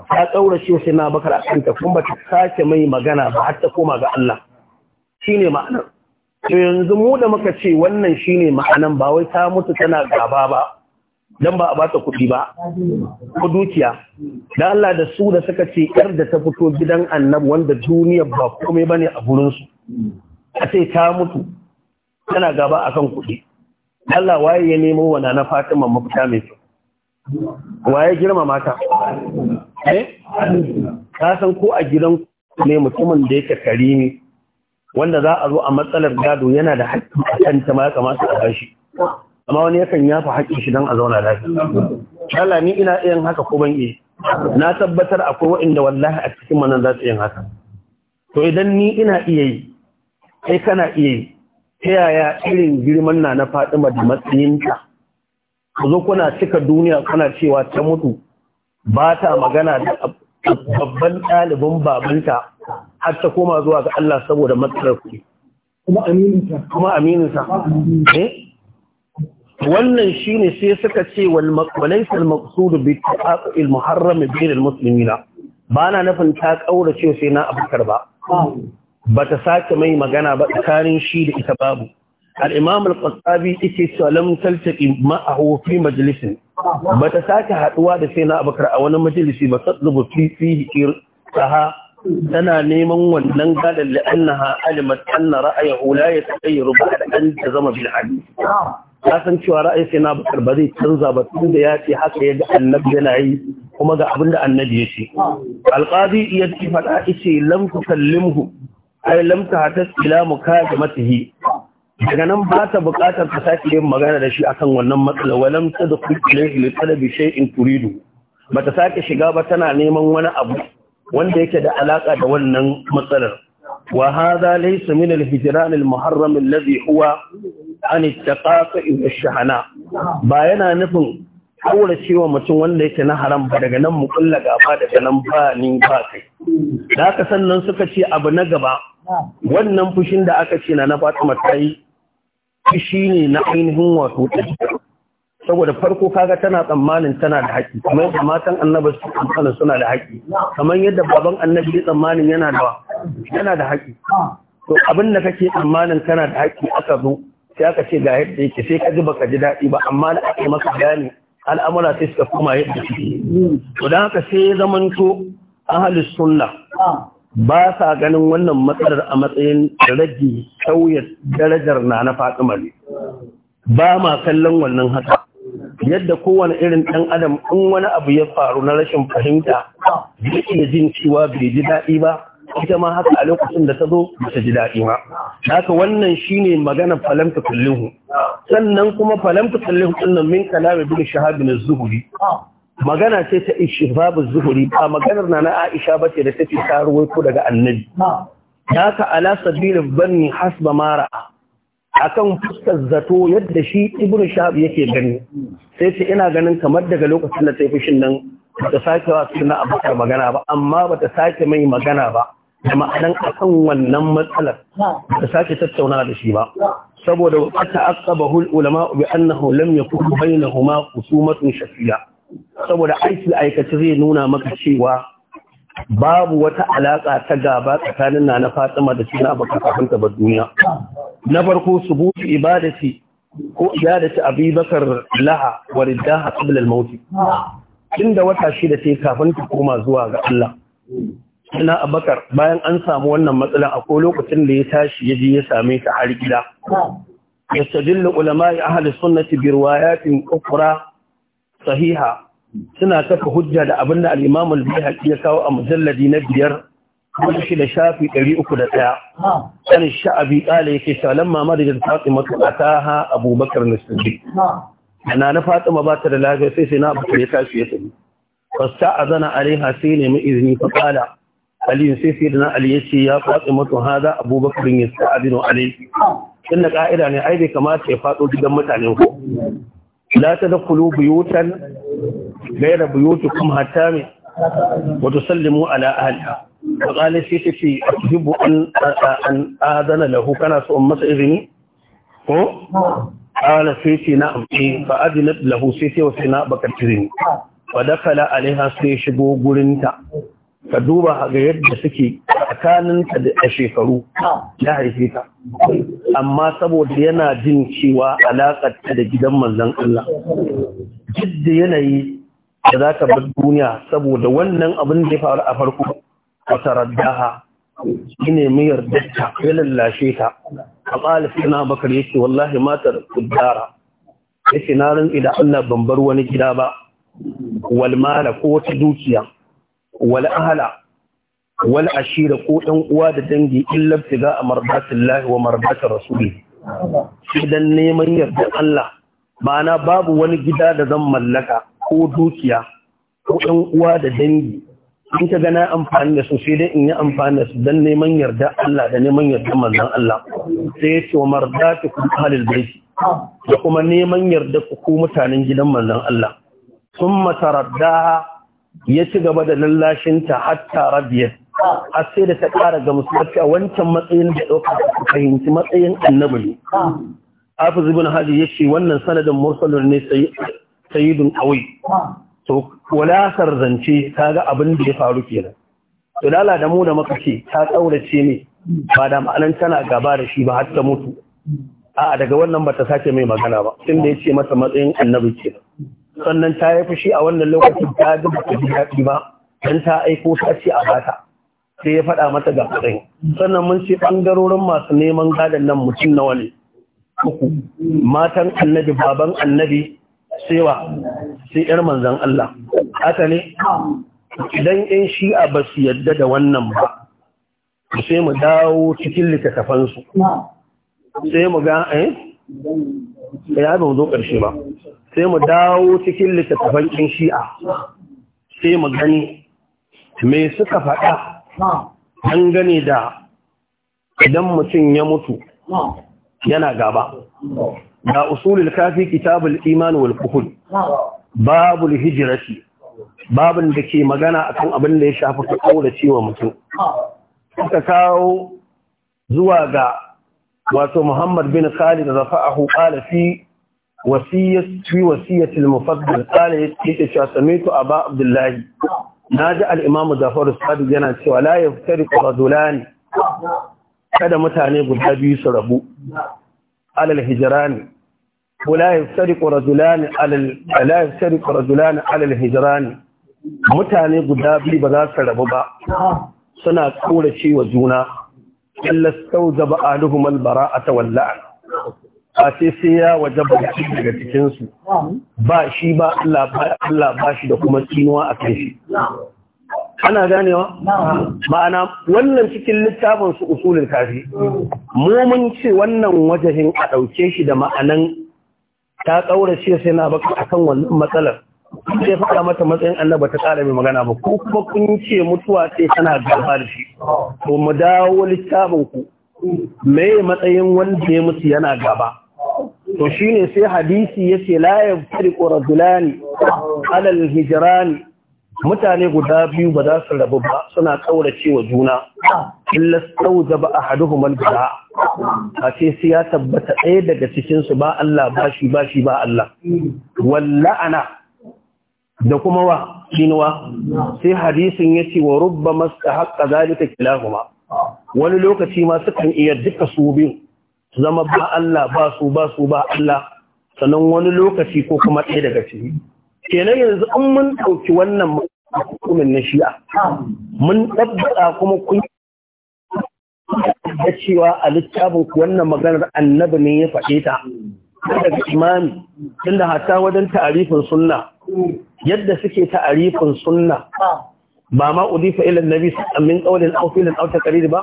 ta tsaurace shi na bakar akan ta kuma ta sake mai magana ba har ta koma ga Allah shine ma'anar to yanzu mu da muka ce wannan shine ma'anan ba wai ta mutu tana gaba ba dan ba a bata kuɗi ba ko dukiya dan Allah da su da suka ce yar da ta fito gidan annabi wanda duniya ba komai bane a gurin su a ce ta mutu tana gaba akan kuɗi Allah waye ya nemo wana na Fatima mafita mai kyau waye girmama ka eh ka san ko a gidan ne mutumin da yake karimi wanda za a zo a matsalar gado yana da haƙƙi a kan ta ma ya kamata a bashi amma wani yakan yafa haƙƙin shi dan a zauna lafiya Allah ni ina yin haka ko ban yi na tabbatar akwai waɗanda wallahi a cikin manan za su yin haka to idan ni ina iya yi kai kana iya yi ta yaya irin girman na na Fatima da matsayinta ku zo kuna cika duniya kuna cewa ta mutu ba ta magana da babban ɗalibin babanta har ta koma zuwa ga Allah saboda matsalar kuɗi. Kuma amininsa. Eh? Wannan shine ne sai suka ce walaisa al-maqsudu bi ta'aqil muharram bi al-muslimina. Ba na nufin ta kaura ce sai na abukar ba. Bata sake mai magana ba tsakanin shi da ita babu. al'imam al-qasabi yake cewa lam taltaqi ma'ahu fi majlisin bata sake haɗuwa da sai na abakar a wani majalisi ba tatlubu fi fihi irtaha tana neman wannan gadan la'annaha hula ya ra'ayahu la yataghayyaru da an tazama bil hadith ta san cewa ra'ayi sai na bakar ba zai canza ba da ya ce haka ya ga annabi yana yi kuma ga abin da annabi ya ce alqadi ya ce fada yace lam tukallimhu ay lam tahtas ila mukazamatihi daga nan ba ta buƙatar ka sake yin magana da shi akan wannan matsala walam ta da kuɗi ne talabi in turidu ba ta sake shiga ba tana neman wani abu wanda yake da alaka da wannan matsalar wa hadha laysa min al-hijran al-muharram alladhi huwa an shahana ba yana nufin haura cewa mutum wanda yake na haram ba daga nan mu kulla gaba daga nan ba nin ba kai da san sannan suka ce abu na gaba wannan fushin da aka ce na na Fatima ta fushi ne na ainihin wato saboda farko kaga tana tsammanin tana da haƙi kamar yadda matan annabi su tsammanin suna da haƙi kamar yadda baban annabi ya tsammanin yana da yana da haƙi to abin da kake tsammanin kana da haƙi aka zo sai aka ce ga yadda yake sai ka ji baka ji daɗi ba amma da aka maka bayani al'amura sai suka koma yadda suke to don haka sai ya zamanto ahlus sunna ba sa ganin wannan matsalar a matsayin rage sauya darajar na na fatima ne ba ma kallon wannan haka yadda kowane irin ɗan adam in wani abu ya faru na rashin fahimta zai iya jin cewa bai ji daɗi ba ita ma haka a lokacin da ta zo ba ta ji daɗi ba haka wannan shine magana falamta kullihu sannan kuma falamta kullihu ɗin nan min kalami bin shahabin zuhuri magana ce ta babu zuhuri ba maganar na na Aisha ce da take ta ruwaito daga annabi ya ka ala sabilin banni hasba mara akan fuskar zato yadda shi ibnu shahab yake gani sai ce ina ganin kamar daga lokacin da ta fushin nan ba ta sake wa suna abakar magana ba amma ba ta sake mai magana ba da ma'anan akan wannan matsalar ba ta sake tattauna da shi ba saboda ta aqaba hul ulama bi annahu lam yakun bainahuma qusumatun shafiya saboda aiki aikace zai nuna maka cewa babu wata alaƙa ta gaba tsakanin na na fatima da suna baka kafanta ba duniya na farko subutu ibadati ko ibadati bakar laha wa riddaha qabla al inda wata shida sai kafin ta koma zuwa ga Allah ina abakar bayan an samu wannan matsala akwai lokacin da ya tashi ya je ya same ta har gida yastadillu ulama'i ahli sunnati bi riwayatin ukhra sahiha suna saka hujja da abin da al-Imam al-Baihaqi ya kawo a mujalladi na biyar kuma shi da shafi 301 kan sha'abi kala yake shalan mama da Fatima ataha Abu Bakar as-Siddiq ana na Fatima ba ta da lafiya sai sai na Abu ya tashi ya tafi fasta azana alaiha sai nemi izini fa kala Ali sai sai da Ali yace ya Fatima to hada Abu Bakar yasta'dinu alayki inna ka'ida ne ai bai kamata ya fado gidan mutane ko la tadkhulu buyutan ghayra buyutikum hatta min wa tusallimu ala ahliha wa qala shi tace ajibu an an adana lahu kana in masa izini ko qala sai ce na'am fa adinat lahu sai sai shigo gurinta ka duba ga yadda suke tsakaninta da shekaru ya haife ta amma saboda yana jin cewa alaƙar ta da gidan manzon Allah duk yanayi da za ka bar duniya saboda wannan abin da ya faru a farko wata raddaha shi ne mai ta ya lallashe ta a ƙalif na bakar yake wallahi matar kuddara yake na rantsi da Allah ban bar wani gida ba walmala ko wata dukiya wal ahala wal ashira ko ɗan uwa da dangi illa tiga a mardatillahi wa mardatir rasuli idan neman yarda Allah ma'ana babu wani gida da zan mallaka ko dukiya ko ɗan uwa da dangi in ka gana amfani da su sai dai in yi amfani da su don neman yarda Allah da neman yarda manzan Allah sai ce wa marda ta kuma halil baiti da kuma neman yarda ku mutanen gidan manzon Allah sun mataradda ya ci gaba da lallashinta hatta rabiyar har sai da ta ƙara ga musulunci a wancan matsayin da ɗauka su fahimci matsayin annabi ne hafiz zubin hadi ya ce wannan sanadin mursalin ne sayidun awai. to walasar zance ta ga abin da ya faru kenan to lala da mu da muka ce ta ƙaurace ne ba da ma'anan tana gaba da shi ba har ta mutu a'a daga wannan ba ta sake mai magana ba tun ya ce masa matsayin annabi kenan sannan ta yi fushi a wannan lokacin ta zuba ta ji daɗi ba dan ta aiko ta ce a bata sai ya faɗa mata ga kuɗin sannan mun ce ɓangarorin masu neman gadon nan mutum nawa ne uku matan annabi baban annabi sewa sai yar manzan Allah haka ne idan yan shi'a ba su yadda da wannan ba sai mu dawo cikin littattafansu sai mu ga eh ya ba zo ƙarshe ba sai mu dawo cikin littattafan ɗin shi'a sai mu gani me suka faɗa an gane da idan mutum ya mutu yana gaba da usulul kafi kitabul iman wal kuhul babul hijrati babin da ke magana a kan abin da ya shafi ka kaurace wa mutum suka kawo zuwa ga wato Muhammad bin Khalid a hukala fi wasiyat fi wasiyat al-mufaddal qala yake cewa samitu aba abdullahi naji al-imam Ja'far Sadiq yana cewa la yaftariqu rajulan kada mutane guda biyu su rabu alal hijrani ولا يفترق رجلان على لا يفترق رجلان على الهجران mutane guda biyu ba za su rabu ba suna kaurace wa juna illa stawzaba aluhum albara'a wal la'n a sai sai ya waje bakin daga cikinsu ba shi ba Allah ba shi da kuma tsinuwa a kan shi ana ganewa ma'ana wannan cikin littafin su usulin kafi mu mun ce wannan wajahin a ɗauke shi da ma'anan ta kaurace sai na baka akan wannan matsalar sai faɗa mata matsayin Allah ba ta ƙara mai magana ba ko kuma kun ce mutuwa sai tana gaba da shi to mu dawo littafin ku me matsayin wanda ya mutu yana gaba to shine sai hadisi yace la yafriqu rajulani ala al mutane guda biyu ba za su rabu ba suna kaurace juna illa stawjaba ahaduhum al-bida a ce sai ya tabbata ɗaya daga cikin su ba Allah ba shi ba shi ba Allah walla'ana da kuma wa shinuwa sai hadisin yace wa rubbama istahaqqa zalika kilahuma wani lokaci ma sukan iya duka su biyu zama ba Allah ba su ba su ba Allah sanan wani lokaci ko kuma ɗaya daga ciki kenan yanzu in mun ɗauki wannan hukumin na shi'a mun ɗabbaɗa kuma kun da cewa a littafin wannan maganar annabi ne ya faɗe ta daga imami tunda hatta wajen ta'arifin sunna yadda suke ta'arifin sunna ba ma udifa ila nabi min qawlin aw filin aw taqrir ba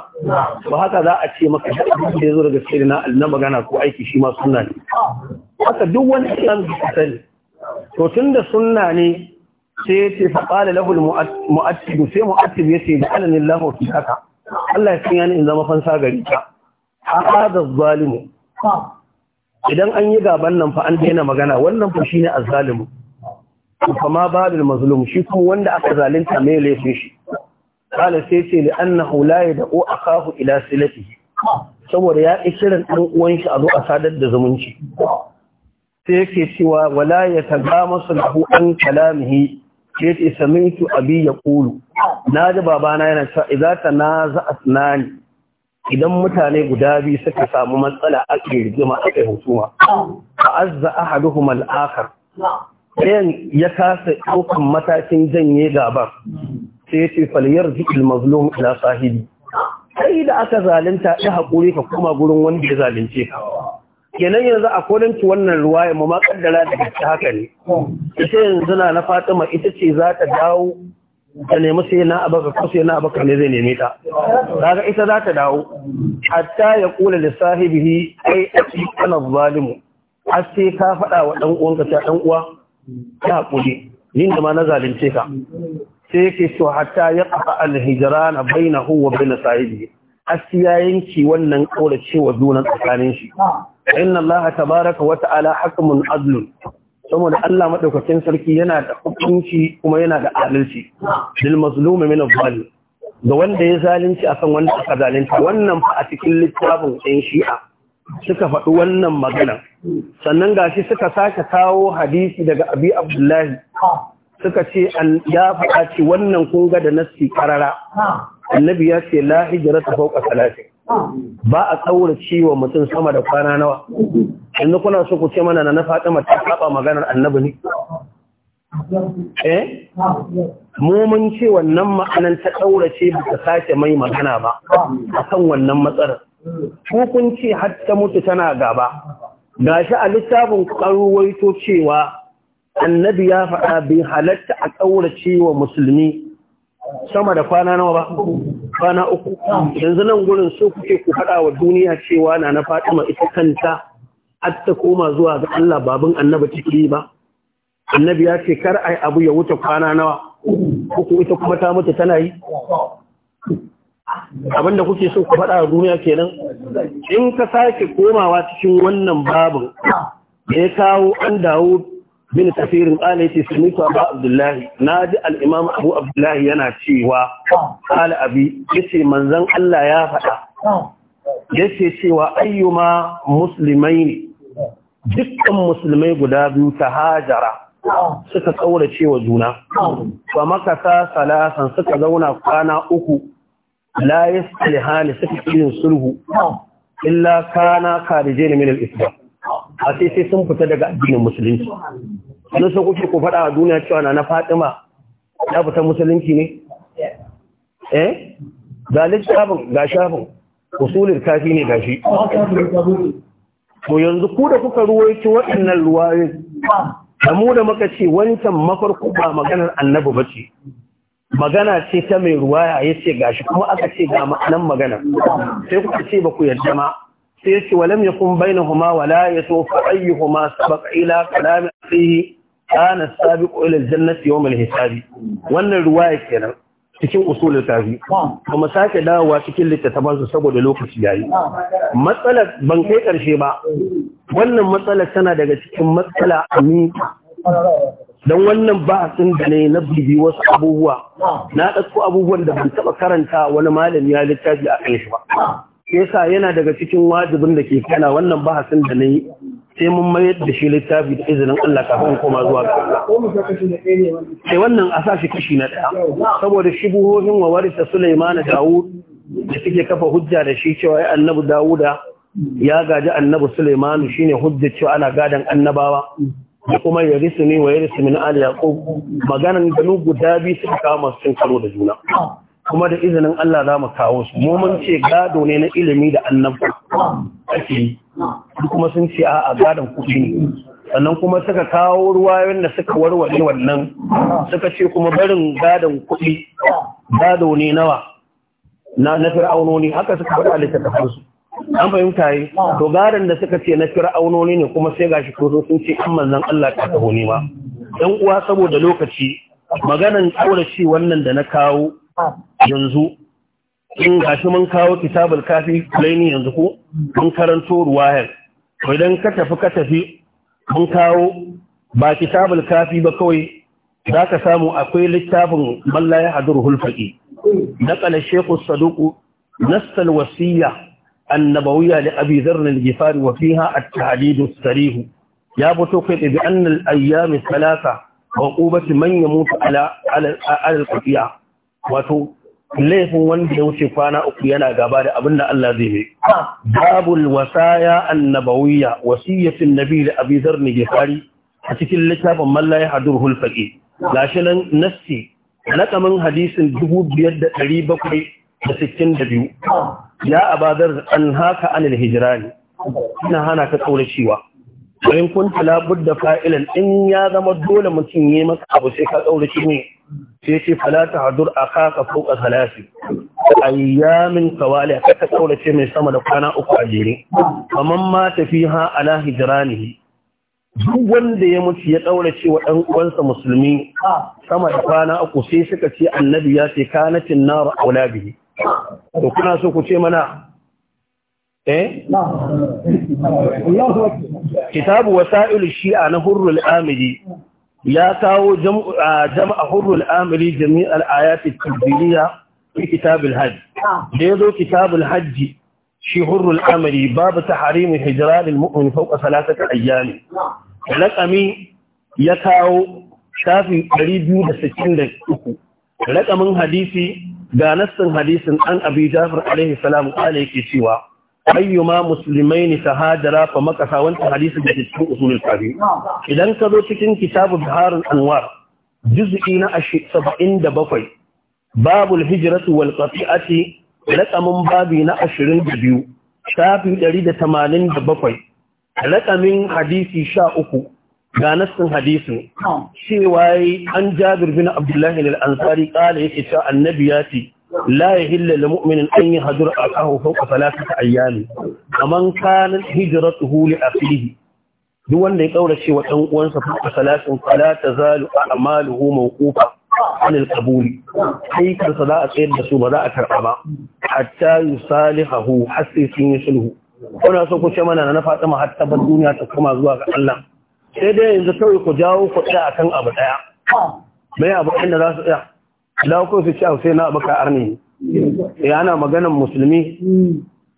ba haka za a ce maka shi abin zo yazo daga sirrina na magana ko aiki shi ma sunna ne haka duk wani islam da sani to tunda sunna ne sai ce fa qala lahu al mu'attib sai mu'attib yace da alani Allah fi haka Allah ya sanya in zama fansa gari ta hada zalimu idan an yi gaban nan fa an daina magana wannan fa shine azzalimu فما babin mazlum shi kuma wanda aka zalunta mai laifin shi kala sai ce li annahu la yad'u akahu ila silatihi saboda ya ki kiran dan uwan shi a zo a sadar da zumunci sai yake cewa wala ya yatagamasu sulhu an kalamihi yace sami'tu abi yaqulu ji babana yana cewa idza tanaza asnani idan mutane guda biyu suka samu matsala ake rigima ake husuma fa azza ahaduhum al-akhar ɗayan ya kasa ɗaukan matakin janye gaba sai ce faliyar zikil mazlum ila sahibi sai da aka zalunta ya haƙuri ka kuma gurin wanda ya zalunce ka kenan yanzu a kodanci wannan ruwaya mu ma kaddara da gaske haka ne ita yanzu na na Fatima ita ce za ta dawo ta nemi sai na abaka ko sai na abaka ne zai neme ta kaga ita za ta dawo hatta ya kula da sahibi ai a cikin zalimu a sai ka faɗa wa ɗan uwanka ta ɗan uwa ya haƙuri yin da ma na zalunce ka sai yake so hatta ya ƙafa alhijiran na baina huwa baina sahibi Asi ya yanki wannan ƙauracewa junan tsakanin shi inna Allah tabaraka wa ta'ala hakamun adlun saboda Allah madaukakin sarki yana da hukunci kuma yana da adalci lil mazlumi min al-zalim ga wanda ya zalunci akan wanda aka zalunta wannan fa a cikin littafin ɗin shi'a suka faɗi wannan magana sannan gashi suka sake kawo hadisi daga abi abdullahi suka ce ya faɗa ce wannan kunga da nassi karara annabi ya ce la ta fauka talatin ba a tsaura ciwon mutum sama da kwana nawa yanzu kuna so ku ce mana na faɗi mata saba maganar annabi ne eh mu mun ce wannan ma'anan ta tsaura ce ba ta sake mai magana ba akan wannan matsalar hukunci har ta mutu tana gaba ga shi a littafin karuwaito cewa annabi ya faɗa bai halatta a ƙaurace wa musulmi sama da kwana nawa ba kwana uku yanzu nan gurin so kuke ku faɗa wa duniya cewa na na fatima ita kanta hatta koma zuwa ga Allah babin annabi ciki ba annabi ya ce kar ai abu ya wuce kwana nawa uku ita kuma ta mutu tana yi abinda kuke so ku faɗa a duniya kenan in ka sake komawa cikin wannan babin da ya kawo an dawo bin tafirin ƙala ya ce abu abdullahi na ji al'imam abu abdullahi yana cewa ala abi ya ce manzan allah ya faɗa ya ce cewa ayyuma musulmai ne dukkan musulmai guda biyu ta hajara suka ƙaurace wa juna ba makasa salasan suka zauna kwana uku la yastalihani suka irin sulhu illa kana kharijain min a sai sai sun fita daga addinin musulunci sun kuke ku faɗa a duniya cewa na na fatima ya fita musulunci ne eh ga littafin ga shafin usulul kafi ne gashi to yanzu ku da kuka ruwaiki waɗannan ruwayoyi da mu da muka ce wancan mafarko ba maganar annabi ba ce magana ce ta mai ruwa ya ce gashi kuma aka ce ga ma'anan magana sai kuka ce ba ku yarda ma sai ya ce walam ya kun bai wala ya so fa ayyu huma ila kalami fihi kana sabiqu ila aljannati yawm hisabi wannan ruwaya kenan cikin usulul tafi kuma sake dawowa cikin littattafan su saboda lokaci yayi matsalar ban kai karshe ba wannan matsalar tana daga cikin matsala amin don wannan ba sun da ne na bibi wasu abubuwa na ɗauko abubuwan da ban taɓa karanta wani malami ya littafi a kan shi ba yasa yana daga cikin wajibin da ke kana wannan bahasin da ne sai mun mayar da shi littafi da izinin Allah kafin koma zuwa ga Allah sai eh, wannan a sa shi kashi na ɗaya saboda shibuhohin wa warisa Sulaiman da Dawud da suke kafa hujja da shi cewa ya annabi Dawuda ya gaji annabi Sulaiman shine hujjar cewa ana gadan annabawa da kuma ya ne wa ya risu min ali yaqub maganan da guda biyu suka kama masu cin karo da juna kuma da izinin Allah za mu kawo su mu mun ce gado ne na ilimi da annabta ake yi kuma sun ce a a gadon kuɗi ne sannan kuma suka kawo ruwa da suka warware wannan suka ce kuma barin gadon kuɗi gado ne nawa na fir'aunoni haka suka faɗa littattafansu an fahimta yi to garin da suka ce na fir'aunoni ne kuma sai gashi ko sun ce an manzon Allah ta taho ne ma dan uwa saboda lokaci maganan shi wannan da na kawo yanzu in gashi mun kawo kitabul kafi laini yanzu ko mun karanto ruwayar to idan ka tafi ka tafi mun kawo ba kitabul kafi ba kawai za ka samu akwai littafin mallaya hadurul faqi نقل الشيخ الصدوق nasal الوصيه annabawiyya da abi zarnin gifari wa fiha a tahadidu sarihu ya fito kai da bi annal ayyami salasa wa qubati man yamutu ala wato laifin wanda ya wuce kwana uku yana gaba da abin da Allah zai yi babul wasaya annabawiyya wasiyatin nabi da abi zarnin gifari a cikin littafin man la yahduru al faqih gashi nan nassi nakamin hadisin 2700 da sittin da biyu ya abadar an haka anil hijirani ina hana ka tsauracewa in kun la da fa'ilan in ya zama dole mutum yi maka abu sai ka tsaurace ne sai ce fala ta hadur akaka fawqa salasi ayyamin kawali ka tsaurace mai sama da kwana uku a jere kaman ma tafiha ala hijirani. duk wanda ya mutu ya ɗaurace wa ɗan uwansa musulmi sama da kwana uku sai suka ce annabi ya ce kanatin naru aula bihi to kuna so ku ce mana eh kitabu wasa'il shi'a na hurrul amili ya kawo jama'a hurrul amili jami'al ayati tadbiriya fi kitabul hajj da yazo kitabul hajj shi hurrul amili babu ta hijran mu'min fawqa thalathati ayyam laqami ya kawo shafi 263 laqamin hadisi ga nassin hadisin an abi jafar alaihi salam kala yake cewa ayyuma muslimaini tahadara fa makasa wancan hadisin da cikin usulul kafi idan ka zo cikin kitabu biharul anwar juz'i na da bakwai, babul hijratu wal qati'ati laƙamin babi na ashirin da 22 shafi bakwai, laƙamin hadisi sha uku. ga nassin hadisin cewa an jabir bin abdullahi al-ansari kala yake cewa annabi ya ce la yahilla lil mu'minin an yahdura akahu fawqa thalathati ayyami kaman kana hijratuhu li akhihi duk wanda ya kaura cewa dan uwansa fawqa salatin fala tazalu a'maluhu mawqufa anil qabuli sai kansa za a tsayar da su ba za a karba ba hatta yusalihu hasi sun sulhu. kuna so ku ce mana na fata ma hatta bar duniya ta koma zuwa ga Allah sai dai yanzu kawai ku jawo ku tsaya akan abu daya mai abu da za su tsaya da ku su ci sai na abu ka arni ya ana maganan musulmi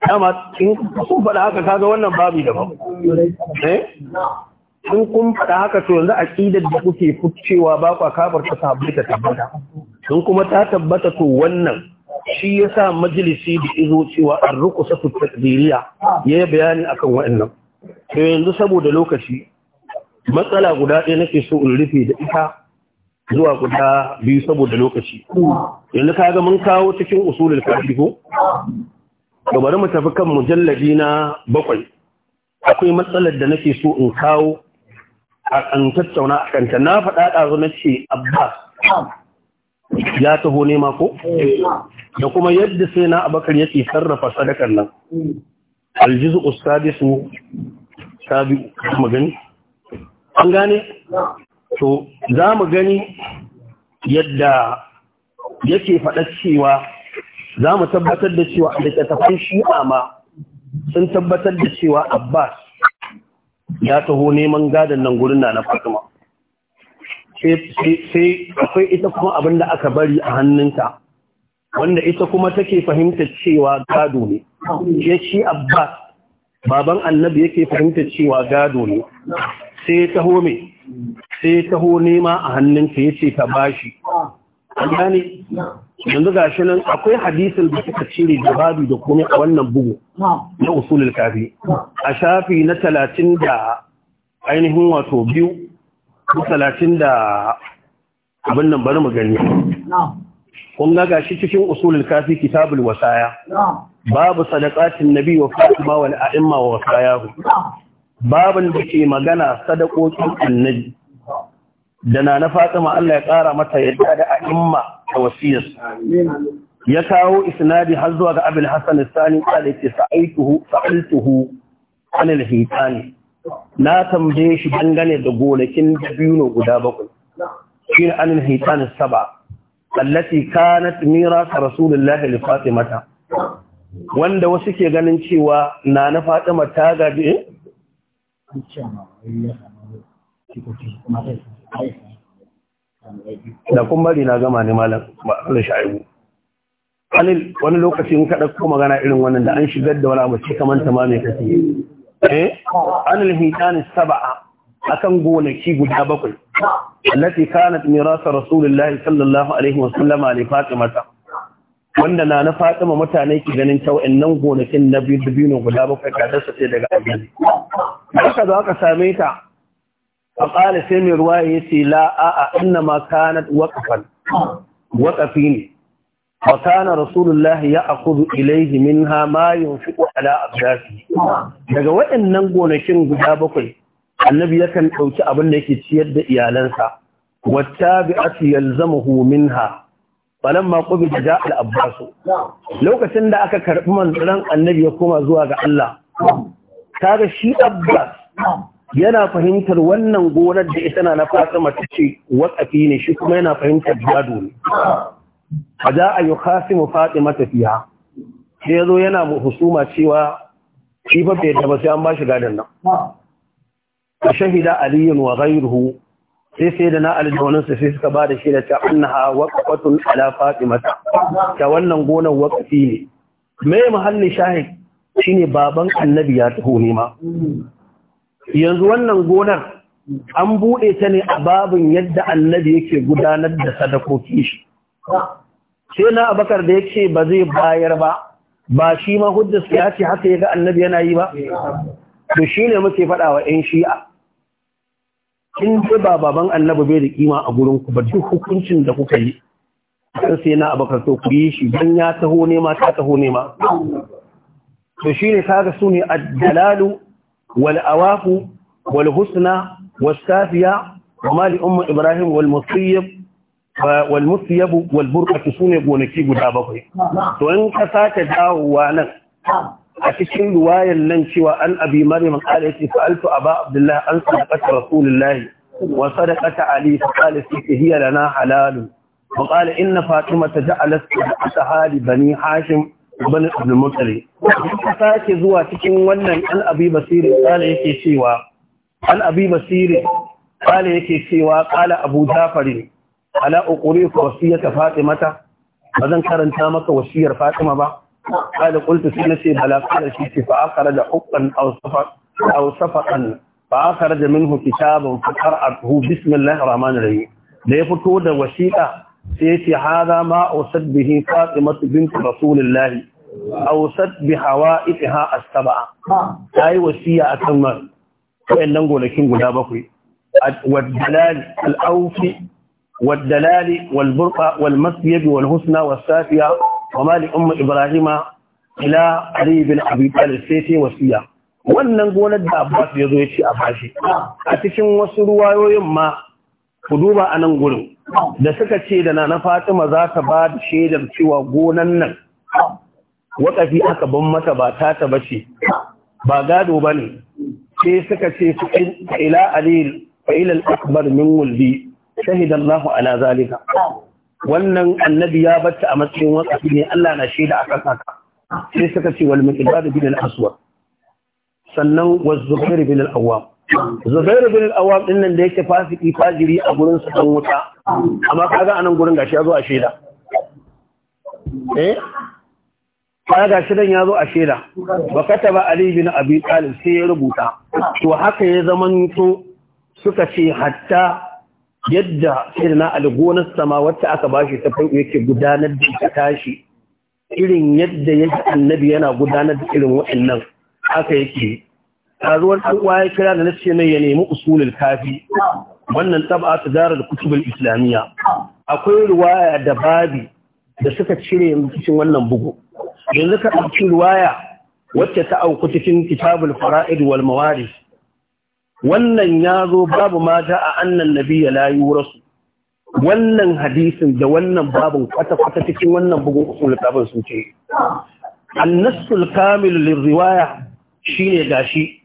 dama in kun faɗa haka kaga wannan babu da babu eh in kun faɗa haka to yanzu aqidar da kuke fitcewa ba kwa kafar ta tabbata tabbata in kuma ta tabbata to wannan shi ya sa majalisi da izo cewa an rukusa su takdiriya ya yi bayani akan wa'annan to yanzu saboda lokaci matsala guda ɗaya nake so in rufe da ita zuwa guda biyu saboda lokaci yanzu ka ga mun kawo cikin usulul kafi ko to bari mu tafi kan mujalladi na bakwai akwai matsalar da nake so in kawo a kan tattauna a kanta na faɗa ɗazu na ce abbas ya taho nema ko da kuma yadda sai na abakar yake sarrafa sadakar nan aljizu ustadisu sabi magani an gane to za mu gani yadda yake faɗa cewa za mu tabbatar da cewa littattafan shi'a ma sun tabbatar da cewa abbas ya taho neman gadon nan gurin na na fatima sai akwai ita kuma abin da aka bari a hannunta wanda ita kuma take fahimta cewa gado ne ya shi abbas baban annabi yake fahimta cewa gado ne sai ya taho me sai ya taho nema a hannun ya ce ta bashi gane yanzu gashi nan akwai hadisin da suka cire da babu da kuma a wannan bugu na usulul kafi a shafi na talatin da ainihin wato biyu ko talatin da abin nan bari mu gani kun ga gashi cikin usulul kafi kitabul wasaya babu sadaqatin nabi wa fatima wal a'imma wa wasayahu babin da ke magana sadakokin annabi da na na fatima Allah ya ƙara mata yadda da a'imma da wasiyar ya kawo isnadi har zuwa ga abin hasan sani kale ce sa'aituhu sa'altuhu anil hitani na tambaye shi dangane da gonakin dabino guda bakwai shi ne anil hitani saba allati kanat mirasa rasulullahi li fatimata wanda wasu ke ganin cewa na na fatima ta gaji eh? da kun bari na gama ne malam ba sha'ibu halil wani lokaci in ka magana irin wannan da an shigar da wani abu ce kamar ta ma mai kace eh anil hitan sab'a akan gonaki guda bakwai allati kanat mirasa rasulullahi sallallahu alaihi wa sallama wanda na na fatima mutane ke ganin ta wa'annan gonakin na biyu dubino guda bakwai kadarsa ce daga abin haka za ka same ta a ƙala sai mai ruwa ya ce la a inna ma kanat waƙafan waƙafi ne wa kana rasulullahi ya akudu ilaihi minha ma yunfiqu ala abdasi daga waɗannan gonakin guda bakwai annabi yakan ɗauki abin da yake ciyar da iyalansa wata bi yalzamuhu minha falamma qubida ja al-abbas lokacin da aka karbi manzon annabi ya koma zuwa ga Allah kaga shi abbas yana fahimtar wannan gonar da ita na Fatima tace waqafi ne shi kuma yana fahimtar jadu ne faja ayu khasimu Fatima fiha sai yazo yana husuma cewa shi fa bai da ba sai an ba shi gadon nan shahida aliyun wa ghayruhu sai sai da na aljihonin su sai suka ba da shi da ta annaha waqfatun ala mata ta wannan gonan waƙafi ne mai mahallin shahid ne baban annabi ya taho nema yanzu wannan gonar an buɗe ta ne a babin yadda annabi yake gudanar da sadakoki shi sai na abakar da yake ba zai bayar ba ba shi ma hujjar ya ce haka ya ga annabi yana yi ba to ne muke faɗa wa 'yan shi'a in dai ba baban annabi bai da kima a gurin ku ba duk hukuncin da kuka yi sai sai na abakar so ku yi shi dan ya taho ne ma ta taho ne ma to shine kaga sune ad-dalalu wal awafu wal husna was safiya wa mali umma ibrahim wal musayyib wal musayyib wal burqa sune gonaki guda bakwai to in ka sake dawowa nan a cikin ruwayar nan cewa an abi maryam qala yati fa'altu aba abdullah an sadaqata rasulullah wa sadaqata ali fa qala hiya lana halal wa qala inna fatimata ja'alat sadaqataha li bani hashim ibn abdul muttalib sake zuwa cikin wannan an abi basir qala yake cewa an abi basir qala yake cewa qala abu jafari ala uqri wasiyata fatimata bazan karanta maka wasiyar fatima ba قال قلت في نسي بلا قال شيء فأخرج حقا أو صفقا أو صفقا فأخرج منه كتابا فقرأته بسم الله الرحمن الرحيم da ya fito da wasiƙa sai ya ce haza ma ausat bihi fatimatu bint rasulillahi ausat bi hawaiha as-sab'a tayi wasiya akan man wayannan gonakin guda bakwai wad-dalal al-awfi wad-dalal wal-burqa wal-masyib wal-husna was-safiya wa mali ummu ibrahima ila ali bin abi talib sai ta wasiya wannan gonar da abbas ya zo ya ce a bashi a cikin wasu ruwayoyin ma ku duba a nan gurin da suka ce da na fatima za ta ba da shaidar cewa gonan nan waƙafi aka ban mata ba ta ta ce. ba gado ba ne sai suka ce ila alil fa ila al-akbar min wuldi shahidallahu ala zalika wannan annabi ya batta a matsayin wakafi ne Allah na shaida a kan haka sai suka ce wal miqdad bin al-aswad sannan wa zubair bin al-awwam zubair bin al-awwam din nan da yake fasiki fajiri a gurin su dan wuta amma kaga anan gurin gashi ya zo a shaida eh kaga gashi dan ya zo a shaida wa kataba ali bin abi talib sai ya rubuta to haka ya zaman zamanto suka ce hatta yadda sirna algonar sama wacce aka bashi ta farko yake gudanar da ita tashi irin yadda yake annabi yana gudanar da irin waɗannan, haka yake taruwar dan uwa ya kira da nace mai ya nemi usulul kafi wannan tab'a tadara da kutubul islamiyya akwai riwaya da babi da suka cire cikin wannan bugu yanzu ka ɗauki riwaya wacce ta auku cikin kitabul fara'id wal mawaris wannan ya zo babu mata a annan nabiya la yurasu wannan hadisin da wannan babin kwata-kwata cikin wannan bugun usul littafin sun ce annasul kamil lirriwaya shine gashi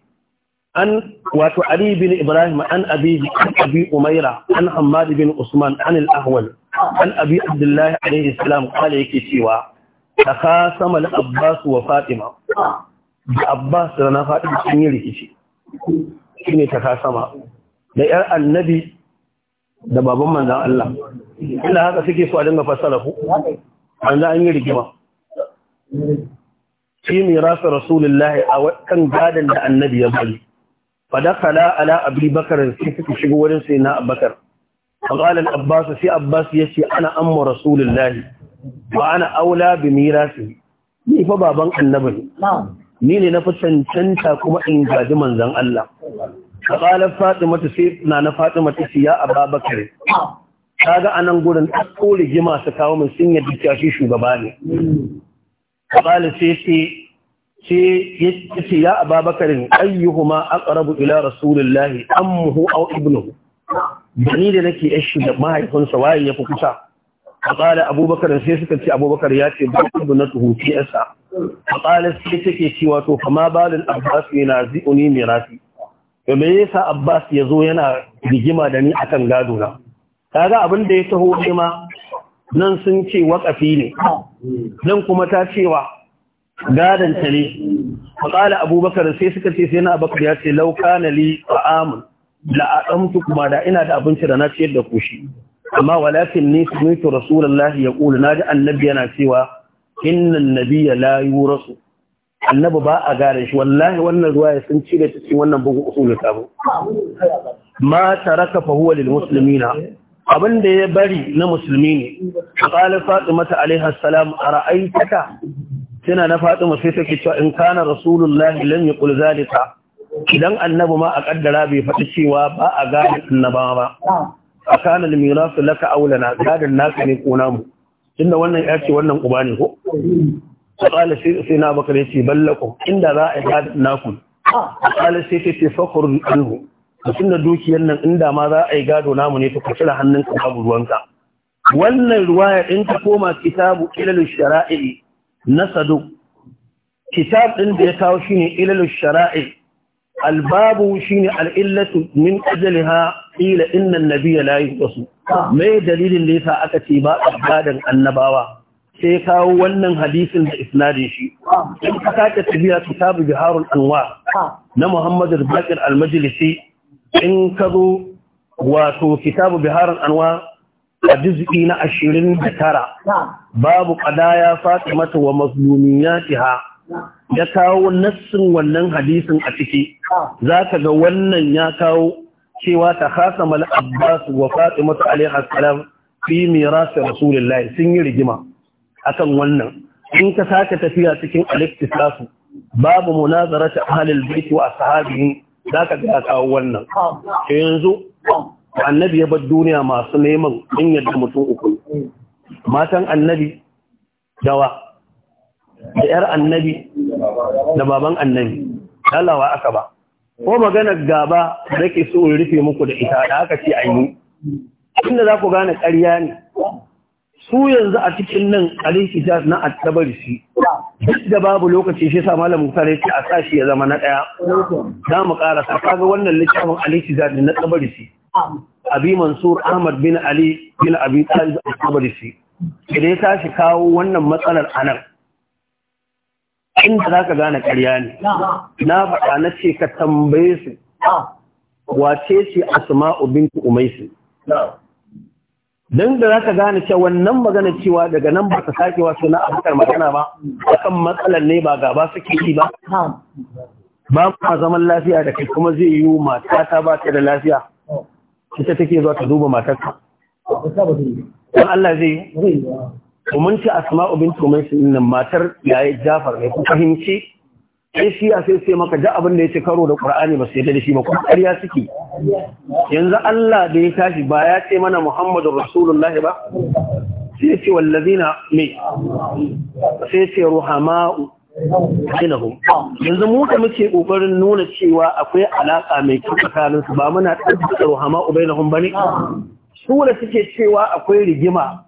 an wato ali bin ibrahim an abi abi umaira an hammad bin usman an al-ahwal an abi abdullah salam yake cewa takasama al-abbas wa fatima da abbas da na fatima sun yi rikici shi ne ta kasama da ‘yar annabi da baban manzan Allah ina haka suke so a dinga fassara ku an an yi rigima shi ne rasa rasulullahi a kan gadon da annabi ya bari fadakala ala abu bakar sai suka shigo wurin sai na abubakar فقال الأباس في أباس ana amma أم رسول ana aula bi بميراثه ni fa baban annabi ne ni ne na fi cancanta kuma in gaji manzan Allah a ƙalar fatima ta sai na na fatima ta siya a babakar ta ga a nan gudun ɗauko rigima su kawo mai sun yadda ta shi shugaba ne a ƙalar sai sai ya ce ya ababakar ayyuhuma aqrabu ila rasulillahi ammuhu aw ibnuhu Bani da nake yashi da mahaifinsa waye ya fi kusa a ƙalar abubakar sai suka ce abubakar ya ce ba ibnatuhu fi yasa a ƙalar take cewa to kama balin abbas yana zi'uni mirasi to me yasa abbas ya zo yana rigima da ni akan gado na kaga abin da ya taho ne ma nan sun ce waƙafi ne nan kuma ta cewa gadon ta ne a abubakar sai suka ce sai na abubakar ya ce lauka na li ba'amun la'aɗamtu kuma da ina da abinci da na ciyar da kushi amma walakin ne su mutu rasulullahi ya ƙulu na ji annabi yana cewa innan nabiyya la yurasu annabi ba a gane shi wallahi wannan ruwaya sun cire ta cikin wannan bugu usul sabo ma taraka fa huwa lil muslimina abin da ya bari na musulmi ne qala fatimata alaiha salam ara'aitaka yana na fatima sai take cewa in kana rasulullahi lam yaqul zalika idan annabi ma a kaddara bai faɗi cewa ba a gane annaba ba ah. a kana al mirasu laka aulana gadan naka ne ko namu tunda wannan ya ce wannan uba ne ko qala sai na bakar yace ballakum inda za a yi naku ah, qala sai ta ce fakhru anhu tunda dukiyar nan inda ma za a yi gado namu ne to ka cire hannunka babu ruwanka wannan ruwaya in ta koma kitabu ilalul shara'i na kitab din da ya kawo shine ilalul shara'i albabu shine al'illatu min ajliha qila inna an-nabiyya la yusu Ah. me dalilin da yasa aka ce ba gadan annabawa sai kawo wannan hadisin da isnadin shi ah. in ka sake tafiya kitabu biharul anwa ah. na Muhammad al al-Majlisi in ka zo wato kitabu biharul anwa a juz'i na tara, babu ya qadaya fatimatu wa mazlumiyatiha ya kawo nassin wannan hadisin a ciki zaka ga wannan ya kawo cewa ta khasamal abbas wa fatimatu alaihi assalam fi miras rasulullah sun yi rigima akan wannan in ka sake tafiya cikin al-iktisasu babu munazarata ahlul bait wa ashabihi zaka ga kawo wannan yanzu annabi ya bar duniya masu neman in yadda mutum uku matan annabi dawa da yar annabi da baban annabi dalawa aka ba ko maganar gaba da ke so rufe muku da ita da aka ce aini inda za ku gane karya ne su yanzu a cikin nan alkitab na at shi duk da babu lokaci shi sa malam Musa ya ce a sashi ya zama na ɗaya. za mu sa kaga wannan littafin alkitab na shi abi mansur ahmad bin ali bin abi talib at shi idan ya tashi kawo wannan matsalar anan inda za ka gane karya ne na faɗa na ce ka tambaye su wace ce asma'u umai umaisu don da za ka gane cewa wannan magana cewa daga nan ba ka sake wasu na abokan magana ba kan matsalar ne ba gaba suke yi ba ba ma zaman lafiya da kai kuma zai yi matata ta ba ta da lafiya ita take zuwa ta duba matarka don Allah zai yi mun asma'u bintu umaysi nan matar yayi jafar ne ku fahimci sai shi ya sai sai maka da abin da ya ce karo da qur'ani ba sai da shi ba kuma ƙarya suke yanzu Allah da ya tashi ba ya ce mana Muhammadur rasulullah ba sai ya ce wallazina me sai ya ce ruhama'u bainahum yanzu mu da muke kokarin nuna cewa akwai alaka mai kyau tsakanin su ba muna tabbata ruhama'u bainahum bane su da suke cewa akwai rigima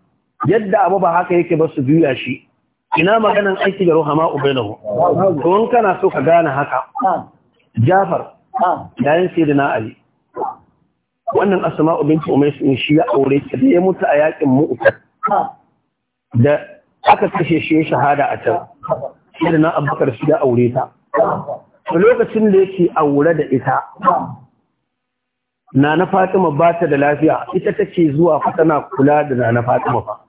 yadda abu ba haka yake ba su juya shi ina maganan aiki da ruhama ubainahu to in kana so ka gane haka Jafar yayin da na'ali wannan Asma'u binti Umays in shi ya aure ta da ya mutu a yakin mu'ukar. da aka kashe shi ya shahada a can da Abubakar shi ya aure ta lokacin da yake aure da ita na na Fatima ba ta da lafiya ita take zuwa fa tana kula da na Fatima fa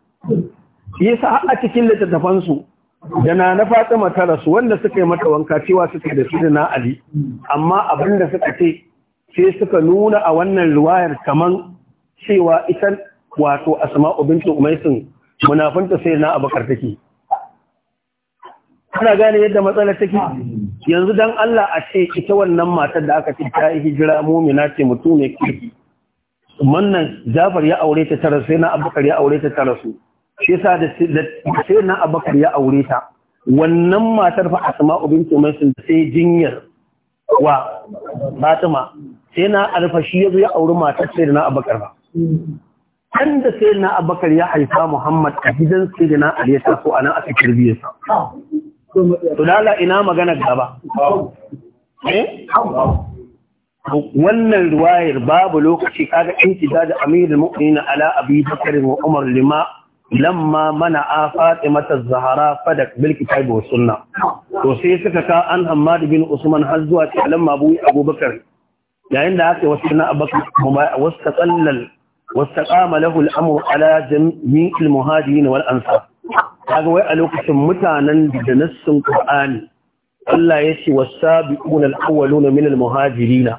yasa haɗa a cikin littattafansu da na na Fatima ta rasu wanda suka yi mata wanka cewa suka da su da na Ali amma abin da suka ce sai suka nuna a wannan riwayar kamar cewa ita wato Asma'u bintu Umaysin munafinta sai na Abubakar take Ana gane yadda matsalar take yanzu dan Allah a ce ita wannan matar da aka ce ta yi hijira mumina ce mutum ne kirki wannan Jafar ya aure ta tarasu sai na abokar ya aure ta tarasu shi yasa da sai na abakar ya aure ta wannan matar fa asma'u binti umaysin sai jinyar wa fatima sai na alfa shi yazo ya auri matar sai na abakar ba dan da sai na abakar ya haifa muhammad a gidan sai na ali ya taso anan aka kirbiye sa to dala ina magana gaba eh wannan riwayar babu lokaci kaga intiza da amirul mu'minin ala abi bakr wa umar lima lamma mana a fatimata zahara fadak bil kitabi was sunna to sai suka ka an hammad bin usman har zuwa ce lamma bu abubakar yayin da aka wasu na abubakar wasu tsallal واستقام له الامر على جميع المهاجرين والانصار kaga wai a lokacin mutanen da nassin qur'ani Allah ya ce wasabiquna al-awwaluna min al-muhajirina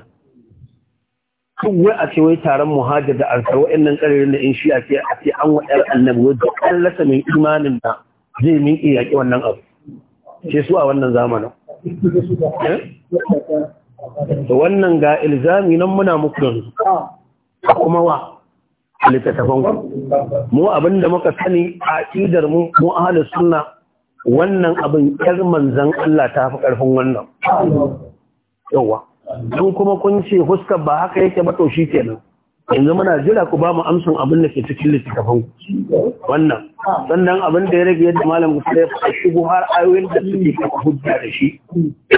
kan wai a ce wai taron muhajir da ansar wa'annan ƙarerin da in shi a ce a ce an wa ƴar annabi wai duk an mai imanin da zai minke yaƙi wannan abu ce su a wannan zamanin da eh? wannan ga ilzami nan muna muku yanzu kuma wa littattafan ku mu abinda muka sani a idar mu mu suna wannan abin ƴar manzan Allah ta fi ƙarfin wannan yawa don kuma kun ce fuskar ba haka yake ba to shi kenan yanzu muna jira ku ba mu amsan abin da ke cikin littafin wannan sannan abin da ya rage yadda malam gusa ya faɗa shigo har ayoyin da suke kafa hujja da shi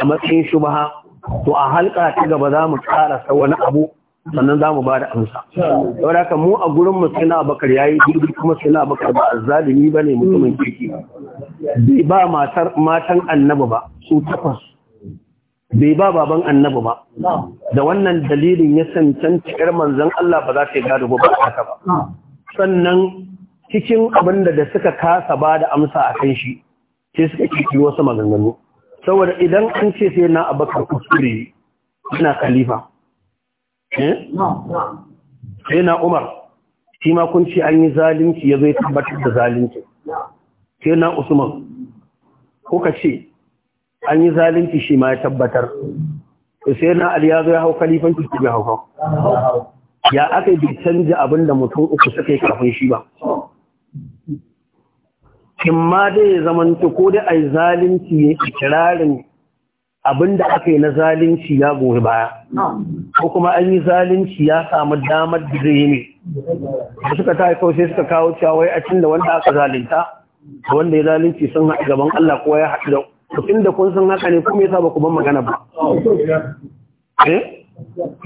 a matsayin shubaha to a halka ta gaba za mu karasa wani abu sannan za mu ba da amsa saboda haka mu a gurin mu sai na bakar yayi gurbi kuma sai na bakar ba azzalimi bane mutumin kirki bai ba matar matan annabi ba su takwas bai ba baban annabi ba da wannan dalilin ya sancan cikar manzan Allah ba za ta yi gado ba haka ba sannan cikin abin da da suka kasa ba da amsa a kan shi sai suka kiki wasu maganganu saboda idan an ce sai na abakar kuskure yana khalifa eh? sai na Umar shi ma kun ce an yi zalunci ya zai tabbatar da zalunci sai na Usman kuka ce an yi zalunci shi ma ya tabbatar sai na ali ya zo ya hau kalifanci shi ya hau ya aka yi canja abin da mutum uku suka yi kafin shi ba kin ma dai ya zamanta ko dai a yi zalunci ya kirarin abin da aka yi na zalunci ya goyi baya ko kuma an yi zalunci ya samu damar da zai yi ne da suka ta kawai sai suka kawo cewa wai a cin da wanda aka zalunta wanda ya zalunci sun haɗu gaban Allah kowa ya haɗu da tun da kun san haka ne kuma yasa ba ku ban magana ba eh?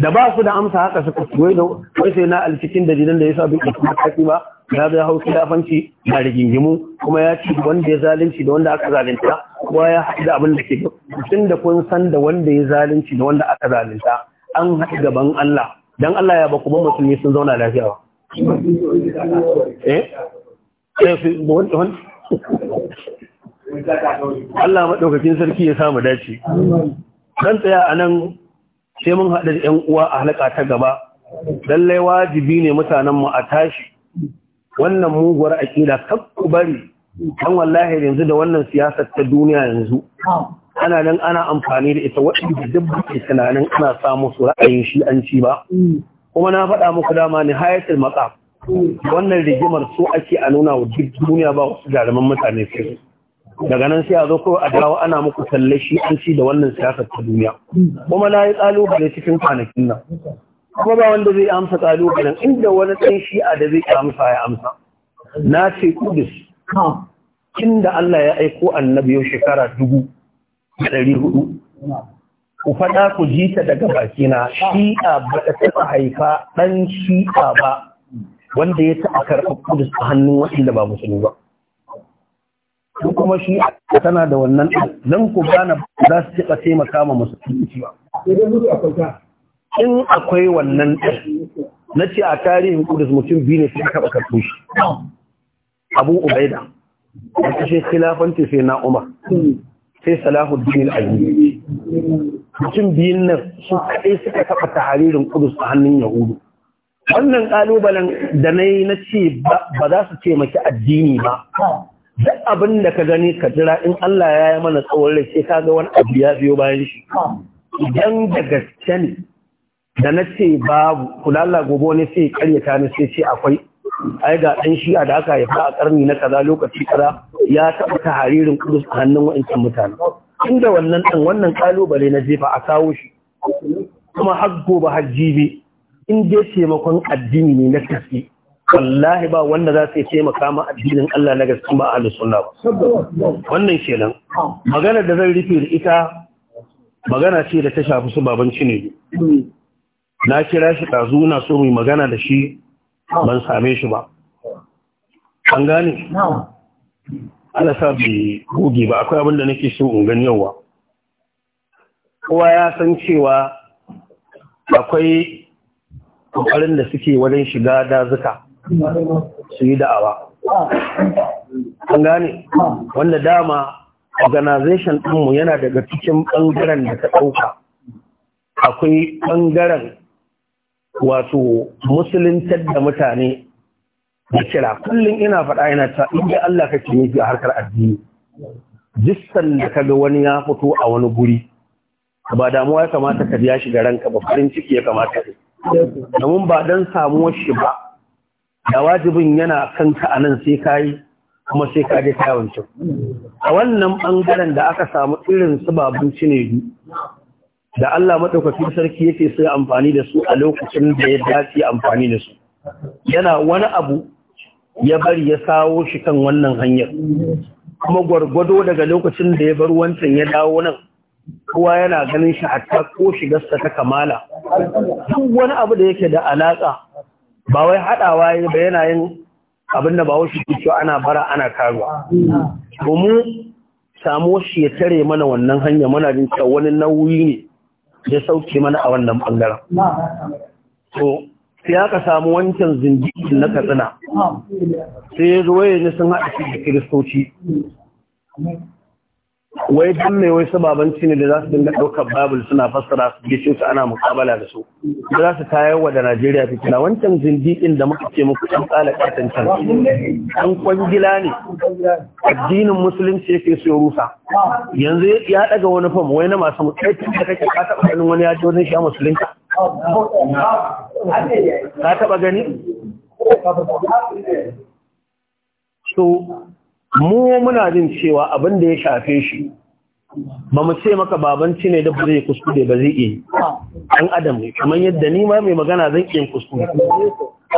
da ba su da amsa haka suka wai da wai sai na alcikin da jidan da yasa bai kuma mataki ba ya zai hau da fanci da rigingimu kuma ya ci wanda ya zalunci da wanda aka zalunta kuma ya haɗu da abin da ke tun da kun san da wanda ya zalunci da wanda aka zalunta an haɗu gaban Allah dan Allah ya ba ban musulmi sun zauna lafiya ba eh, eh Allah maɗaukakin sarki ya samu dace. Kan tsaya a nan sai mun haɗa da ‘yan uwa a halaka ta gaba, lallai wajibi ne mutanenmu a tashi, wannan muguwar aƙida kakku bari, kan wallahi yanzu da wannan siyasar ta duniya yanzu. Ana nan ana amfani da ita waɗanda duk ke tunanin ana samu su ra'ayin shi an ci ba. Kuma na faɗa muku dama ni hayatul maƙaf. Wannan rigimar so ake a nuna wa duk duniya ba wasu jaruman mutane sai daga nan sai a zo kawai a dawo ana muku talle shi an ci da wannan siyasar ta duniya kuma na yi kalubale cikin kwanakin nan kuma ba wanda zai amsa kalubalen inda wani ɗan a da zai amsa ya amsa na ce kudus da Allah ya aiko annabi yau shekara dubu da ɗari hudu ku faɗa ku ji ta daga bakina shi'a ba ta taɓa haifa ɗan shi'a ba wanda ya taɓa karɓar kudus a hannun waɗanda ba musulmi ba ko kuma shi tana da wannan dan ku gana za su cika taimaka ma musulunci ba in akwai wannan na ce a tarihin kudus mutum biyu ne suka taɓa karɓo shi abu ubaida da kashe khilafanci sai na umar sai salahuddin al'ayyubi mutum biyun nan su kaɗai suka taɓa taharirin kudus a hannun yahudu wannan ƙalubalen da na yi na ce ba za su taimaki addini ba duk abin da ka gani ka jira in Allah ya yi mana tsawon rai sai ka ga wani abu ya biyo bayan shi idan da gaske ne da na ce babu kula Allah gobe wani sai karyata ni sai ce akwai ai ga dan shi'a da aka haifa a karni na kaza lokaci kaza ya taɓa ta haririn kudus a hannun wa'ancan mutane inda wannan dan wannan kalubale na jefa a kawo shi kuma har gobe har jibi in dai taimakon addini ne na tafi. wallahi ba wanda za su yi taimaka ma addinin Allah na gaske ba a sunna wannan kenan magana da zai rufe da ita magana ce da ta shafi su baban ne na kira shi ɗazu na so mai magana da shi ban same shi ba an gane ana sa bai goge ba akwai abin da nake so in gani yawa kowa ya san cewa akwai ƙoƙarin da suke wajen shiga dazuka su yi da'awa an gane wanda dama organization ɗinmu yana daga cikin ɓangaren da ta ɗauka akwai ɓangaren wato musuluntar da mutane da kira kullum ina faɗa yana ta inda Allah kake nufi a harkar addini jistan da kaga wani ya fito a wani guri ba damuwa ya kamata ka biya shi da ranka ba farin ciki ya kamata domin ba don samuwar shi ba da wajibin yana kanka a nan sai ka yi kuma sai ka je ta yawancin a wannan bangaren da aka samu irin su babun ne da Allah madaukaki sarki yake sai amfani da su a lokacin da ya dace amfani da su yana wani abu ya bari ya sawo shi kan wannan hanyar kuma gwargwado daga lokacin da ya bar wancan ya dawo nan kowa yana ganin shi a ta ko shigarsa ta kamala duk wani abu da yake da alaka ba wai haɗawa yi ba yana yin abin da ba wasu ke ana bara ana karuwa mu samu shi ya tare mana wannan hanya mana jin cewa wani nauyi ne ya sauke mana a wannan bangaren to sai aka samu wancan zindiki na katsina sai ya zo sun haɗa shi da kiristoci wai dan mai wai sababanci ne da za su dinga ɗaukar babul suna fassara su gishin su ana mukabala da su da za su tayar wa da najeriya fitina wancan zindiƙin da muka ce muku ɗan tsala ƙatan can ɗan kwangila ne addinin musulunci yake so ya rusa yanzu ya ɗaga wani fam wai na masu mutsaitin da kake ka taɓa ganin wani ya ji sha ka taɓa gani so mu muna jin cewa abin da ya shafe shi ba mu ce maka babanci ne da ba zai kuskure ba zai iya ɗan adam ne kamar yadda ni ma mai magana zan iya kuskure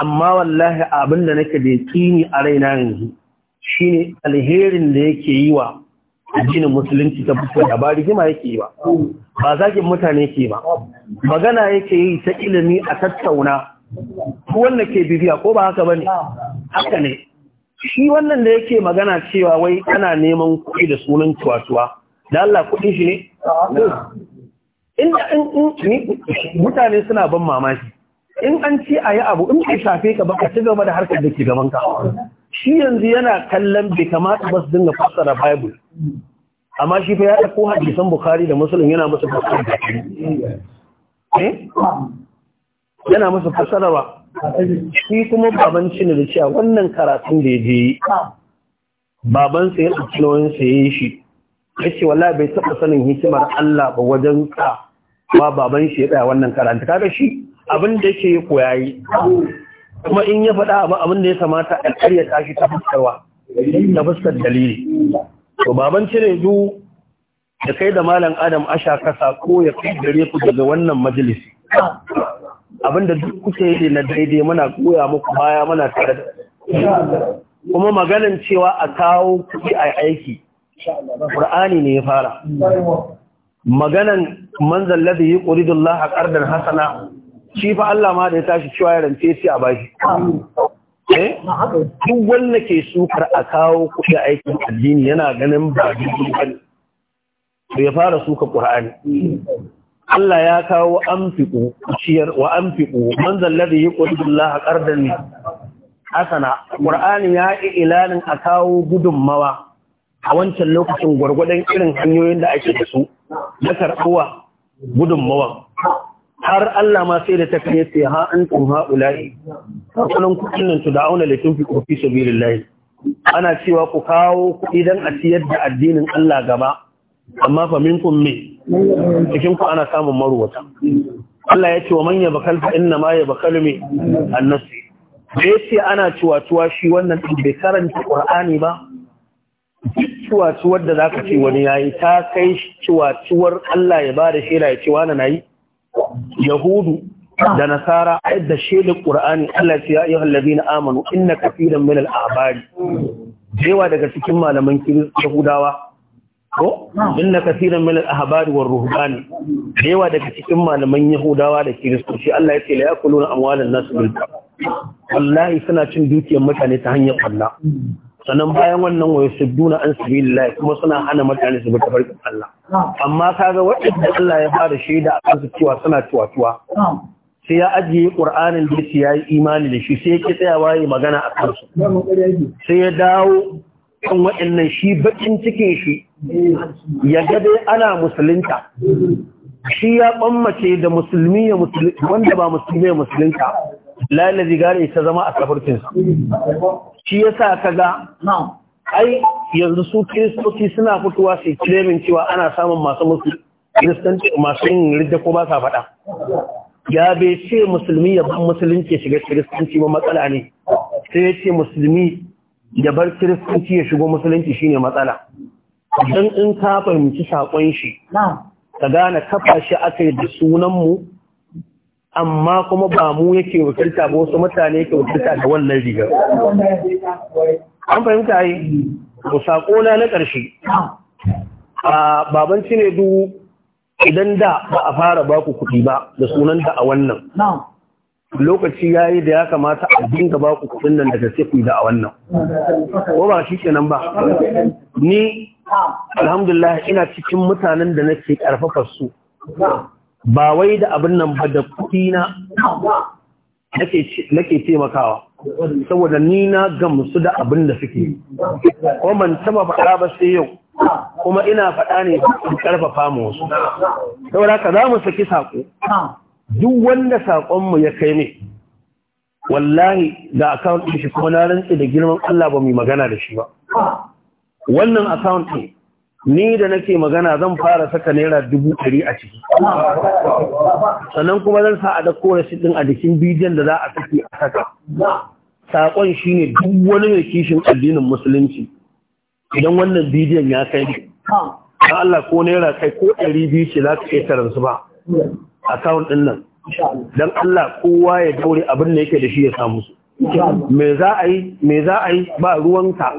amma wallahi abin da nake da kini a raina yanzu shine alherin da yake yi wa addinin musulunci ta fuskar da ba rigima yake yi ba ba zakin mutane yake ba magana yake yi ta ilimi a tattauna ko wanda ke bibiya ko ba haka bane haka ne shi wannan da yake magana cewa wai ana neman kuɗi da sunan tuwatuwa da Allah kuɗin shi ne Inda in mutane suna ban mamaki in an ce a yi abu in ka shafe ka baka ci gaba da harkar da ke gaban ka shi yanzu yana kallon bai kamata ba su dinga fassara bible amma shi fa ya ɗauko hadisan bukhari da musulun yana musu fassara eh? fassara ba shi kuma baban shi da cewa wannan karatun da ya je yi baban sa ya ɗauki nauyin sa ya yi shi ya ce bai taɓa sanin hikimar Allah ba wajen ka ba baban shi ya tsaya wannan Ta kaga shi abin da yake ya koya yi kuma in ya faɗa ba abin da ya kamata a ƙarya tashi ta fuskarwa ta fuskar dalili to baban ya du da kai da malam adam asha kasa sako ya kai gare ku daga wannan majalisi abinda duk kuke yi na daidai muna goya muku baya muna tare da kuma maganin cewa a kawo kuɗi a aiki ƙur'ani ne ya fara maganan yi ƙuridun laha ƙardar hasana shi fa Allah ma da ya tashi cewa ya rance shi a bashi eh? duk wanda ke sukar a kawo kuɗi a aikin addini yana ganin ba duk to ya fara suka ƙur'ani. Allah ya kawo amfiku ciyar wa amfiku man zalladhi yuqridu Allah qardan asana. Qur'ani ya yi ilanin a kawo gudunmawa a wancan lokacin gwargwadon irin hanyoyin da ake da su na karbuwa gudunmawa har Allah ma sai da ta kai sai ha antum haula'i kullun kullun nan tud'auna li tunfiqu fi sabilillah ana cewa ku kawo kuɗi dan a ciyar da addinin Allah gaba amma fa minkum me cikin ku ana samun maruwata. Allah ya ce wa manya bakal fa inna ma bakal me annasi me yace ana ciwatuwa shi wannan din bai karanta Qur'ani ba ciwatuwar da zaka ce wani yayi ta kai ciwatuwar Allah ya bada shaida ya ce wani nayi yahudu da nasara da shaida Qur'ani Allah ya ce ayyuha alladhina amanu inna kafiran min al abad jewa daga cikin malaman kiristiyawa ko inna kaseeran min al-ahbari war ruhban yawa daga cikin malaman yahudawa da kiristoci Allah ya ce la yakuluna amwalan nas bil wallahi suna cin dukiyar mutane ta hanyar kalla sanan bayan wannan wayo subduna an sabilillah kuma suna hana mutane su bata farkin Allah amma kaga wanda Allah ya fara shaida a kansu cewa suna tuwatuwa sai ya ajiye Qur'anin da ya yi imani da shi sai ya tsaya tsayawa magana a kansu sai ya dawo kan waɗannan shi bakin cikin shi ya gade ana musulunta shi ya ɓammace da musulmi ya musulunta wanda ba musulmi ya musulunta lalazi gare ta zama a kafircinsa shi ya sa ka ga ai yanzu su kiristoci suna fitowa su kiremin cewa ana samun masu musulmi masu yin ridda ko ba sa faɗa ya bai ce musulmi ya ban musulunci shiga kiristanci ba matsala ne sai ya ce musulmi da bar kiristanci ya shigo musulunci shine matsala don in ka fahimci saƙon shi ka gane kafa shi aka yi da sunanmu amma kuma ba mu yake wakilta ba wasu mutane yake wakilta da wannan rigar an fahimta yi ku saƙona na ƙarshe a baban ne du idan da ba a fara baku kuɗi ba da sunan da a wannan lokaci ya yi da ya kamata a dinga ba ku kuɗin nan daga sai da a wannan ko ba shi kenan ba ni alhamdulillah ina cikin mutanen da nake karfafa su ba wai da abin nan ba da kuɗi na nake taimakawa saboda ni na gamsu da abin da suke ko man taba faɗa ba sai yau kuma ina faɗa ne karfafa mu wasu saboda ka za mu saki sako duk wanda saƙonmu ya kai ne wallahi da account ɗin shi kuma na rantse da girman Allah ba mu magana da shi ba wannan account ɗin ni da nake magana zan fara saka naira dubu ɗari a ciki sannan kuma zan sa a da kora shi ɗin a jikin bidiyon da za a saki a saka saƙon shi ne duk wani mai kishin addinin musulunci idan wannan bidiyon ya kai ne Allah ko naira kai ko ɗari biyu ce za ka iya ba account din nan dan Allah kowa ya daure abin da yake da shi ya samu su me za a yi me za a yi ba ruwanka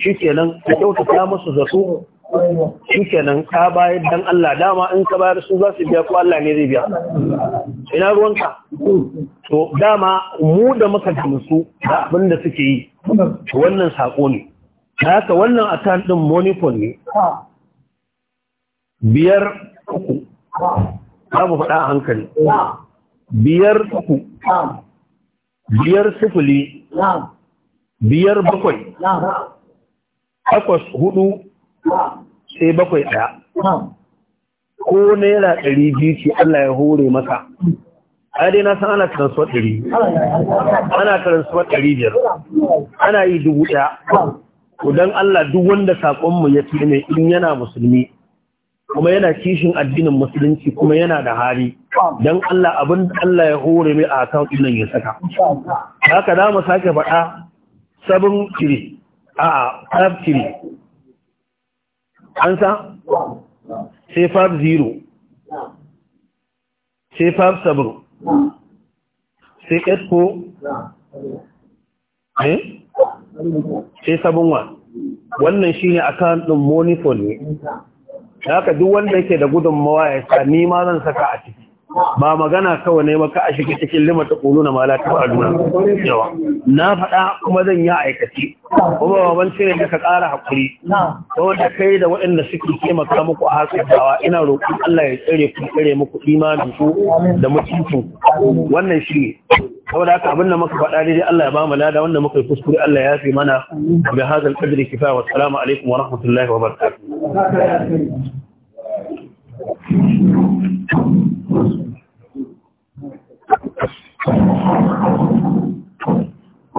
shikenan ka kyautata musu zato shikenan ka bayar dan Allah dama in ka bayar su za su biya ko Allah ne zai biya ina ruwanka to dama mu da muka su da abin da suke yi wannan sako ne haka wannan akan ɗin monifon ne biyar uku za mu faɗa a hankali biyar uku biyar sifili biyar bakwai takwas hudu sai bakwai ɗaya ko naira ɗari biyu ce Allah ya hore masa ai dai na san ana transfer ɗari ana transfer ɗari biyar ana yi dubu ɗaya Ku don Allah duk wanda saƙonmu ya fi ne in yana musulmi kuma yana kishin addinin musulunci kuma yana da hali don Allah abin da Allah ya hore mai a kan ɗin ya saka haka za mu sake faɗa sabon kiri a five kiri an sa sai five zero sai five sabon. sai eight ko? eh sai sabon wa wannan shi a kan ɗin monifon ne haka duk wanda yake da gudunmawa ya sa ni ma zan saka a ciki ba magana kawai ne maka a shiga cikin lima ta kulu na malaka a aduna yawa na faɗa kuma zan yi aikaci. kuma baban cire ka ƙara haƙuri saboda kai da waɗanda suke taimaka muku a hasabawa ina roƙon Allah ya tsare ku tsare muku imanin ku da mutuncin wannan shi saboda haka abin da muka faɗa daidai Allah ya ba mu lada wanda muka yi kuskure Allah ya fi mana bi hadal qadri kifaya wa assalamu alaikum wa rahmatullahi wa barakatuh